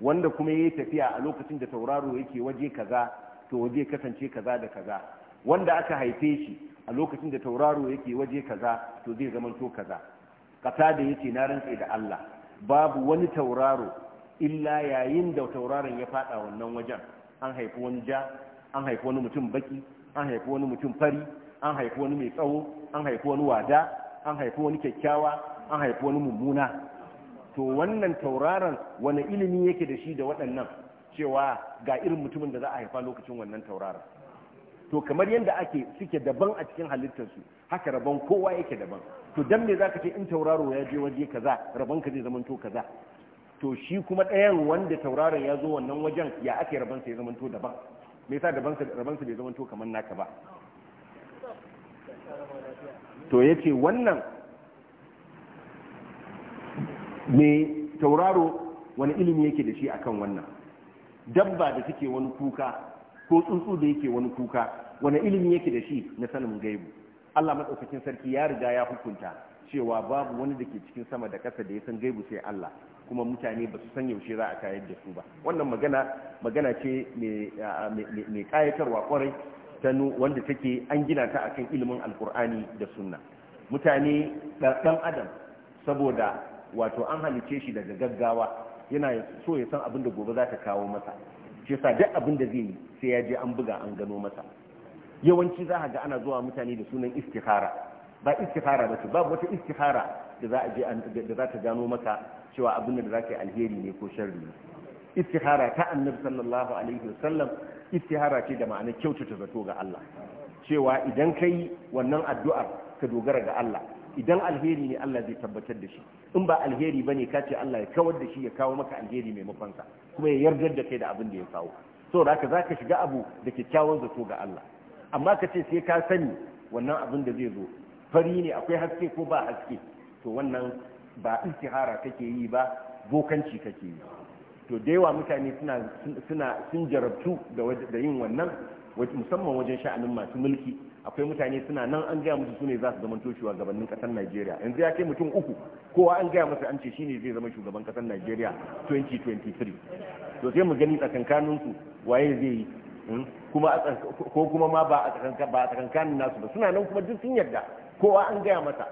wanda kuma ya tafiya a lokacin da tauraro yake waje kaza to zai kasance kaza da kaza wanda aka haife shi a lokacin da tauraro yake waje kaza to zai zama to kaza kasa da ce na rantsa da Allah babu wani tauraro illa yayin da tauraron ya fada wannan wajen an haifi wani ja an haifi wani mutum baki an haifi wani mutum fari an haifi wani mai tsawo an haifi wani wada an haifi wani kyakkyawa an haifi wani mummuna to wannan tauraron wani ilimi yake da shi da waɗannan cewa ga irin mutumin da za a haifa lokacin wannan tauraron to kamar yadda ake suke daban a cikin halittarsu haka rabon kowa yake daban to dan me zaka ce in tauraro ya je waje kaza rabon ka zai zamanto kaza to shi kuma ɗayan wanda tauraron ya zo wannan wajen ya ake rabon sa ya to daban me yasa sa rabon sa bai zamanto kamar naka ba to ya ce wannan mai tauraro wani ilimi yake da shi akan wannan dabba da suke wani kuka ko tsuntsu da yake wani kuka wani ilimi yake da shi na sanin gaibu Allah maɗaukakin sarki ya riga ya hukunta cewa babu wani da ke cikin sama da ƙasa da ya san gaibu sai Allah kuma mutane ba su san yaushe za a kayar da su ba wannan magana magana ce mai ƙayatarwa kwarai wanda take an gina ta akan ilimin alkur'ani da sunna mutane ɗan adam saboda wato an halice shi daga gaggawa yana so ya san abin da gobe za ta kawo masa shi yasa duk abin da zai yi sai ya je an buga an gano masa yawanci za ga ana zuwa mutane da sunan istikhara ba istikhara ba ce babu wata istikhara da za a je da za ta gano masa cewa abin da za ka yi alheri ne ko sharri ne istikhara ta annabi sallallahu alaihi wasallam istihara ce da ma'anar kyautata zato ga Allah cewa idan kai wannan addu'ar ka dogara ga Allah idan alheri ne Allah zai tabbatar da shi in ba alheri bane ka ce Allah ya kawar da shi ya kawo maka alheri mai sa kuma ya yarda da kai da abin da ya kawo so da za ka shiga abu da kyakkyawan zato ga Allah amma ka ce sai ka sani wannan abin da zai zo fari ne akwai haske ko ba haske to wannan ba istihara kake yi ba bokanci kake yi to da yawa mutane suna sun jarabtu da yin wannan musamman wajen sha'anin masu mulki akwai mutane suna nan an gaya musu sune za su zama toshewa gabanin kasar Najeriya yanzu ya kai mutum uku kowa an gaya masa an ce shine zai zama shugaban kasar Najeriya 2023 to sai mu gani tsakankanin su waye zai yi hmm? kuma ko kuma ma ba a tsakankanin nasu ba suna nan kuma duk sun yarda kowa an gaya masa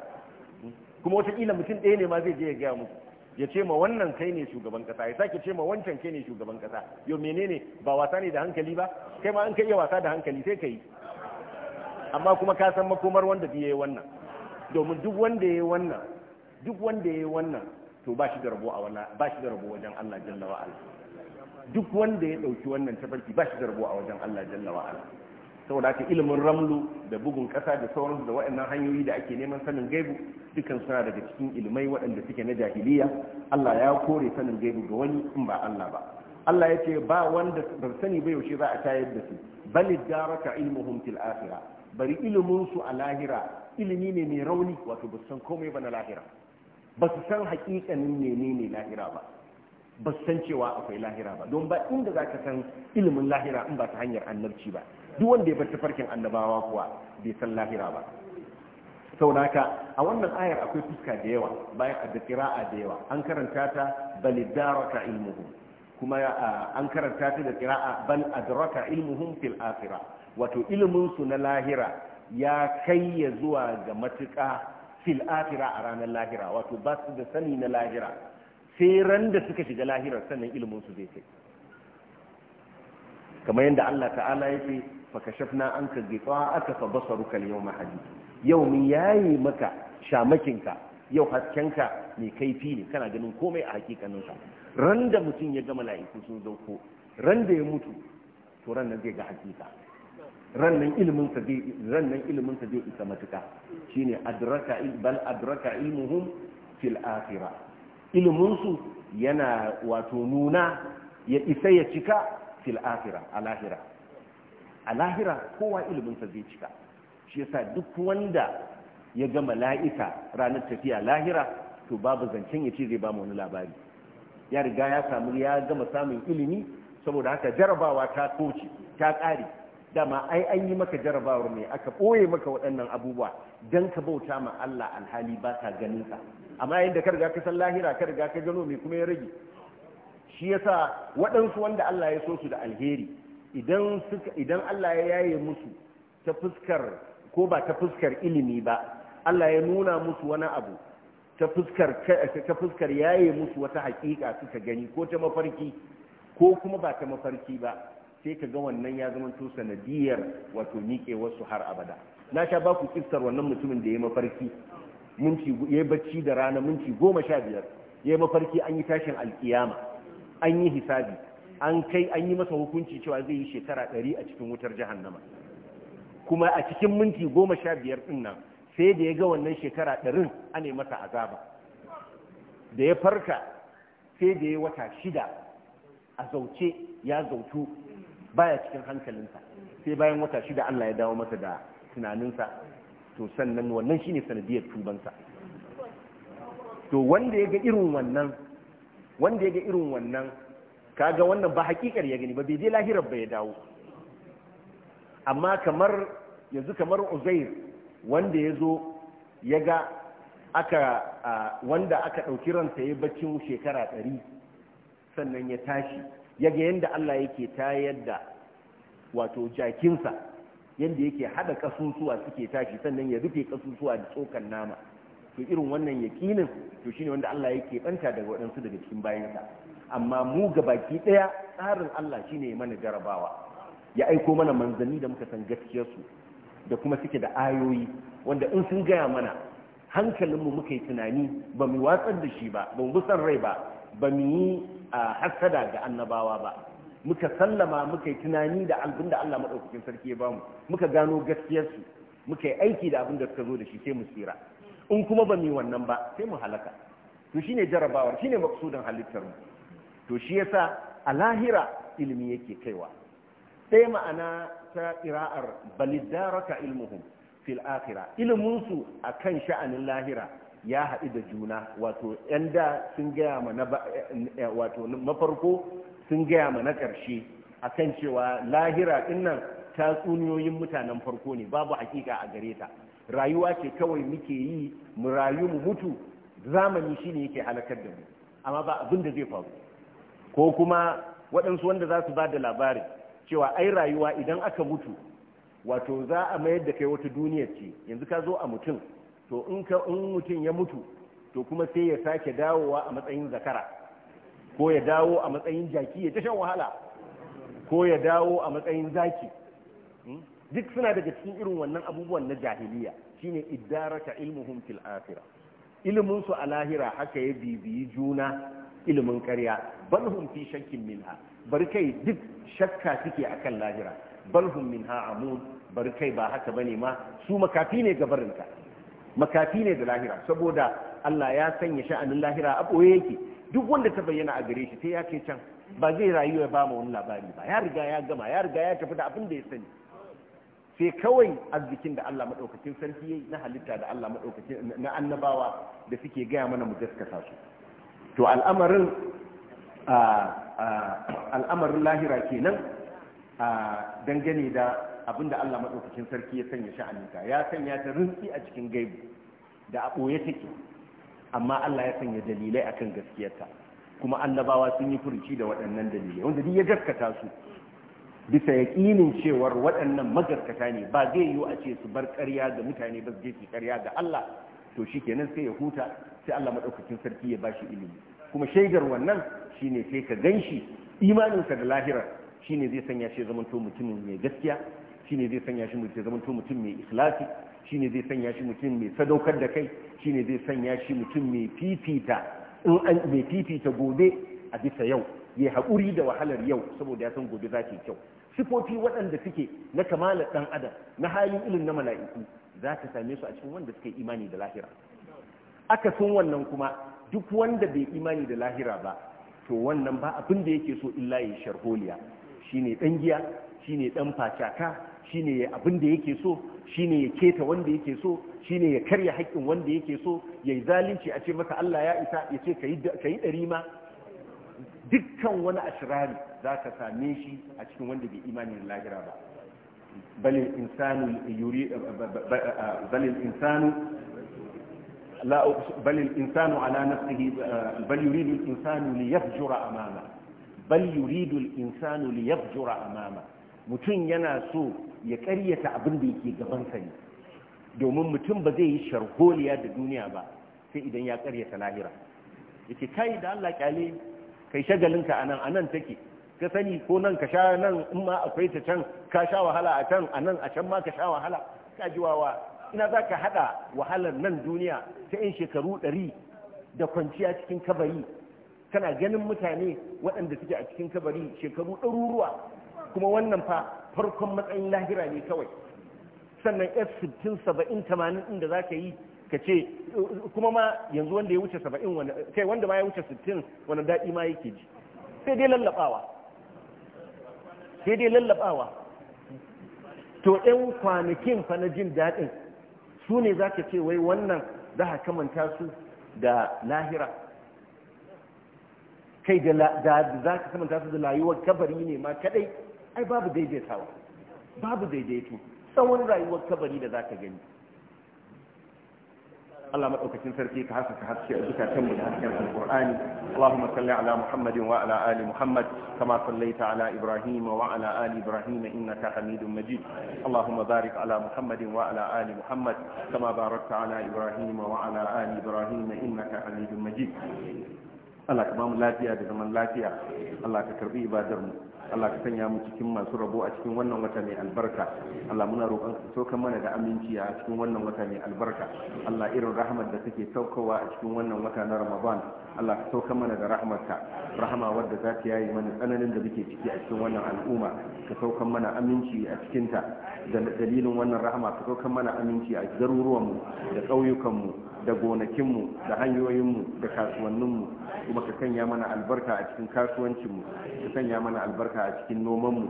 hmm? kuma wataƙila mutum ɗaya ne ma zai je ya gaya musu ya ce ma wannan kai ne shugaban kasa ya sake ce ma wancan kai ne shugaban kasa yau menene ba wasa ne da hankali ba kai ma an kai iya wasa da hankali sai ka yi amma kuma ka san makomar wanda ya yi wannan domin duk wanda ya yi wannan duk wanda ya yi wannan to ba shi da rabo a wannan ba shi da rabo wajen Allah jalla wa ala duk wanda ya dauki wannan tafarki ba shi da rabo a wajen Allah jalla wa ala saboda haka ilimin ramlu da bugun kasa da sauransu da waɗannan hanyoyi da ake neman sanin gaibu dukan suna daga cikin ilimai waɗanda suke na jahiliya Allah ya kore sanin gaibu ga wani in ba Allah ba Allah ya ce ba wanda bar sani ba yaushe za a tayar da su bal daraka ilmuhum fil akhirah bari ilimin su a lahira ilimi ne mai rauni wato ba san komai ba na lahira ba su san hakikanin menene lahira ba ba su san cewa akwai lahira ba don ba inda zaka san ilimin lahira in ba ta hanyar annabci ba duk wanda ya bar tafarkin annabawa kuwa bai san lahira ba saboda haka a wannan ayar akwai fuska da yawa bayan a da qira'a da yawa an karanta ta bali daraka ilmuhu kuma an karanta ta da kira'a bal adraka ilmuhum fil akhirah wato ilmin su na lahira ya kai ya zuwa ga matuƙa fil akhirah a ranar lahira wato ba su da sani na lahira sai ran da suka shiga lahirar sannan ilmin su zai kai kamar yadda Allah ta'ala ya fakashafna an ka gita aka fa basaruka yawma hadid yau mun yayi maka ka yau hasken ka mai kaifi ne kana ganin komai a hakikaninsa ran da mutum ya gama mala'iku sun zauko ran da ya mutu to ran nan zai ga hakika ran nan iliminsa zai isa matuka shine adraka bal adraka ilmuhum fil akhirah iliminsu yana wato nuna ya isa ya cika fil akhirah al akhirah a lahira kowa iliminsa zai cika shi yasa duk wanda ya gama mala'ika ranar tafiya lahira to babu zancen ya ce zai ba mu wani labari ya riga ya samu ya gama samun ilimi saboda haka jarabawa ta toce ta ƙare dama ai an yi maka jarabawar mai aka ɓoye maka waɗannan abubuwa don ka bauta ma Allah alhali ba ka ganin sa amma yadda ka riga ka san lahira ka riga ka gano me kuma ya rage shi yasa waɗansu wanda Allah ya so su da alheri idan suka idan Allah ya yaye musu ta fuskar ko ba ta fuskar ilimi ba Allah ya nuna musu wani abu ta fuskar ta fuskar yaye musu wata hakika suka gani ko ta mafarki ko kuma ba ta mafarki ba sai ka ga wannan ya zama to sanadiyar wato miƙe wasu har abada na sha ba ku kissar wannan mutumin da ya mafarki ci ya bacci da rana minti goma sha biyar ya mafarki an yi tashin alkiyama an yi hisabi an kai an yi masa hukunci cewa zai yi shekara ɗari a cikin wutar jahannama kuma a cikin minti goma sha biyar ɗin nan sai da ya ga wannan shekara ɗarin ne masa azaba da ya farka sai da ya wata shida a zauce ya zautu baya cikin hankalinsa sai bayan wata shida Allah ya dawo masa da tunaninsa to sannan wannan shine sanadiyar tubansa to wanda ya ga irin wannan wanda ya ga irin wannan kaga wannan ba hakikar ya gani ba bai je lahirar ba ya dawo amma kamar yanzu kamar uzair wanda ya zo ya ga aka wanda aka ɗauki ransa ya baccin shekara ɗari sannan ya tashi ya ga yadda allah yake tayar da wato jakinsa yadda yake haɗa ƙasusuwa suke tashi sannan ya rufe ƙasusuwa da tsokan nama to irin wannan yaƙinin to shine wanda Allah yake banta daga waɗansu daga cikin bayansa amma mu ga baki ɗaya tsarin Allah shine mana jarabawa ya aiko mana manzanni da muka san gaskiyarsu da kuma suke da ayoyi wanda in sun gaya mana hankalinmu muka yi tunani ba mu watsar da shi ba ba mu san rai ba ba mu yi hasada ga annabawa ba muka sallama muka yi tunani da abin da Allah maɗaukakin sarki ya bamu muka gano gaskiyarsu muka yi aiki da abin da suka zo da shi sai mu tsira in kuma ba mu wannan ba sai mu halaka to shine jarabawar shine maksudin halittar mu to shi yasa a lahira ilimi yake kaiwa sai ma'ana ta qira'ar balidaraka ilmuhum fil akhirah ilmun su akan sha'anin lahira ya haɗu da juna wato yanda sun gaya ma na eh, wato mafarko sun gaya ma na ƙarshe akan cewa lahira ɗinnan tatsuniyoyin mutanen farko ne babu hakika a gare ta rayuwa ce kawai muke yi mu rayu mu mutu zamani shine yake halakar da mu amma ba abin da zai faru ko kuma waɗansu wanda za su ba da labari cewa ai rayuwa idan aka mutu wato za a mayar da kai wata duniyar ce yanzu ka zo a mutum to in ka in mutum ya mutu to kuma sai ya sake dawowa a matsayin zakara ko ya dawo a matsayin jaki ya ta shan wahala ko ya dawo a matsayin zaki duk suna daga cikin irin wannan abubuwan na jahiliya shine iddaraka ilmuhum fil akhirah ilmin su a lahira haka ya bibiyi juna ilimin ƙarya bal hum fi shakkin minha bari kai duk shakka suke akan lahira bal minha amun bari kai ba haka bane ma su makafi ne ga barinka makafi ne da lahira saboda Allah ya sanya sha'anin lahira a boye yake duk wanda ta bayyana a gare shi sai ya kai can ba zai rayuwa ba mu wani labari ba ya riga ya gama ya riga ya tafi da abin da ya sani sai kawai arzikin da Allah maɗaukacin sarki na halitta da Allah maɗaukacin na annabawa da suke gaya mana mu gaskata su to al'amarin lahira lahira kenan dangane da abinda Allah maɗaukacin sarki ya sanya sha'anita, ya sanya ta rinsi a cikin gaibu da a ɓoye take amma Allah ya sanya dalilai akan gaskiyarta kuma annabawa sun yi furuci da waɗannan dalilai wanda duk ya gaskata su bisa yaƙinin cewar waɗannan magarkata ne ba zai yiwu a ce su bar ƙarya da mutane ba su je su ƙarya ga Allah to shi kenan sai ya huta sai Allah maɗaukakin sarki ya shi ilimi kuma shaidar wannan shi ne sai ka ganshi imaninsa da lahira ne zai sanya shi to mutumin mai gaskiya shi ne zai sanya shi mutum to mutum mai ikhlasi ne zai sanya shi mutum mai sadaukar da kai shi ne zai sanya shi mutum mai fifita mai fifita gobe a bisa yau ya haƙuri da wahalar yau saboda ya san gobe za ta yi kyau sifofi waɗanda suke na kamalar ɗan adam na halin ilin na mala'iku za ka same su a cikin wanda suke imani da lahira aka sun wannan kuma duk wanda bai imani da lahira ba to wannan ba abin da yake so illa ya sharholiya shine ɗan giya shine dan facaka shine abin da yake so shine ya keta wanda yake so shine ya karya haƙƙin wanda yake so ya yi zalunci a ce maka Allah ya isa ya ce ka yi ɗari ma dukkan wani ashirari za ka same shi a cikin wanda bai imanin lahira ba bal insanu insanu لا بل mutum yana so ya karyata abin da yake sa ne domin mutum ba zai yi sharholiya da duniya ba sai idan ya karyata lahira yake kai da Allah kyale kai shagalinka a nan a nan take ka sani ko nan ka sha nan in ma akwai ta can ka sha wahala a can a nan a can ma ka sha wahala ka ji wawa ina za ka haɗa wahalar nan duniya ta yin shekaru ɗari da kwanciya cikin kabari kana ganin mutane waɗanda suke a cikin kabari shekaru ɗaruruwa kuma wannan fa farkon matsayin lahira ne kawai sannan f 60 70 80 inda za ka yi ka ce kuma ma yanzu wanda ya wuce saba'in wanda kai wanda ma ya wuce sittin wani daɗi ma yake ji sai dai lallaɓawa sai dai lallaɓawa to ɗan kwanakin fa na jin daɗin su ne za ka ce wai wannan za ka kamanta su da lahira kai da za ka kamanta su da layuwar kabari ne ma kadai ai babu daidaitawa babu daidaito tsawon rayuwar kabari da za ka gani Allah maɗaukacin sarki ka haska haske a zukatan mu da hasken alqur'ani Allahumma salli ala Muhammadin wa ala ali Muhammad kama sallaita ala Ibrahim wa ala ali Ibrahim innaka Hamidum Majid Allahumma barik ala Muhammadin wa ala ali Muhammad kama barakta ala Ibrahim wa ala ali Ibrahim innaka Hamidum Majid Allah ka bamu lafiya da zaman lafiya Allah ka karbi ibadar mu Allah ka sanya mu cikin masu rabo a cikin wannan wata mai albarka Allah muna roƙon ka sauka mana da aminci a cikin wannan wata mai albarka Allah irin rahmat da take saukowa a cikin wannan wata na Ramadan Allah ka sauka mana da rahmatka rahama wadda za ta yayi mana tsananin da muke ciki a cikin wannan al'umma ka sauka mana aminci a cikin ta da dalilin wannan rahama ka sauka mana aminci a garuruwanmu da ƙauyukanmu da gonakinmu da hanyoyinmu da kasuwanninmu kuma ka sanya mana albarka a cikin kasuwancinmu ka sanya mana albarka a cikin nomanmu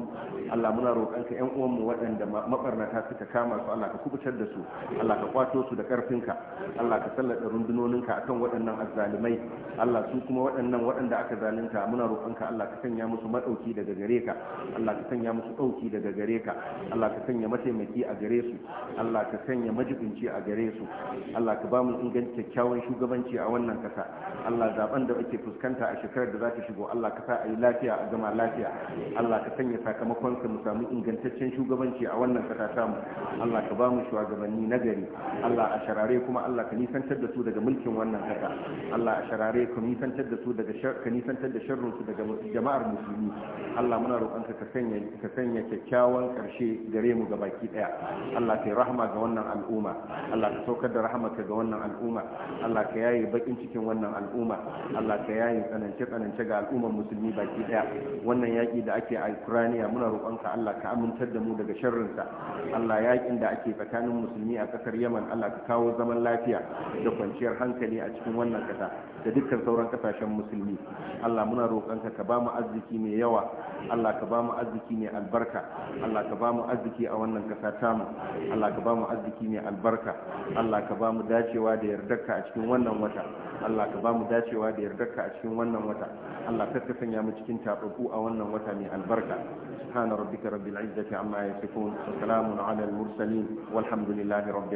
Allah muna roƙonka yan uwanmu waɗanda mabarnata suka kama su Allah ka kubutar da su Allah ka kwato su da ƙarfinka Allah ka sallata rundunoninka akan waɗannan azzalumai Allah su kuma waɗannan waɗanda aka zalunta muna roƙonka Allah ka sanya musu madauki daga gare ka Allah ka sanya musu dauki daga gare ka Allah ka sanya mataimaki a gare su Allah ka sanya majibinci a gare su Allah ka ba mu inganta kyakkyawan shugabanci a wannan kasa Allah zaben da da ake fuskanta a shekarar da za ta shigo Allah ka sa a yi lafiya a gama lafiya Allah ka sanya sakamakon ka mu samu ingantaccen shugabanci a wannan kasa samu. Allah ka ba mu shugabanni na gari Allah a sharare kuma Allah ka nisantar da su daga mulkin wannan kasa Allah a sharare ka nisantar da su daga ka nisantar da sharrin su daga jama'ar musulmi Allah muna roƙon ka sanya ka sanya kyakkyawan ƙarshe gare mu ga baki daya Allah ka yi rahama ga wannan al'umma Allah ka saukar da rahamarka ga wannan al'umma Allah ka yaye bakin cikin wannan al'umma Allah ka yayi tsanance tsanance ga al'ummar musulmi baki daya wannan yaki da ake a Ukraine muna roƙonka Allah ka amintar da mu daga sharrin sa Allah yakin da ake tsakanin musulmi a kasar Yemen Allah ka kawo zaman lafiya da kwanciyar hankali a cikin wannan kasa da dukkan sauran kasashen musulmi Allah muna roƙonka ka ba mu arziki mai yawa Allah ka ba mu arziki mai albarka Allah ka ba mu arziki a wannan kasa tamu Allah ka ba mu arziki mai albarka Allah ka ba mu dacewa da yardarka a cikin wannan wata Allah ka ba mu dacewa da yardarka a cikin wannan wata Allah ka sanya mu cikin tabaku a wannan wata mai albarka subhana rabbika rabbil izzati amma yasifun wa salamun ala al mursalin walhamdulillahi rabbil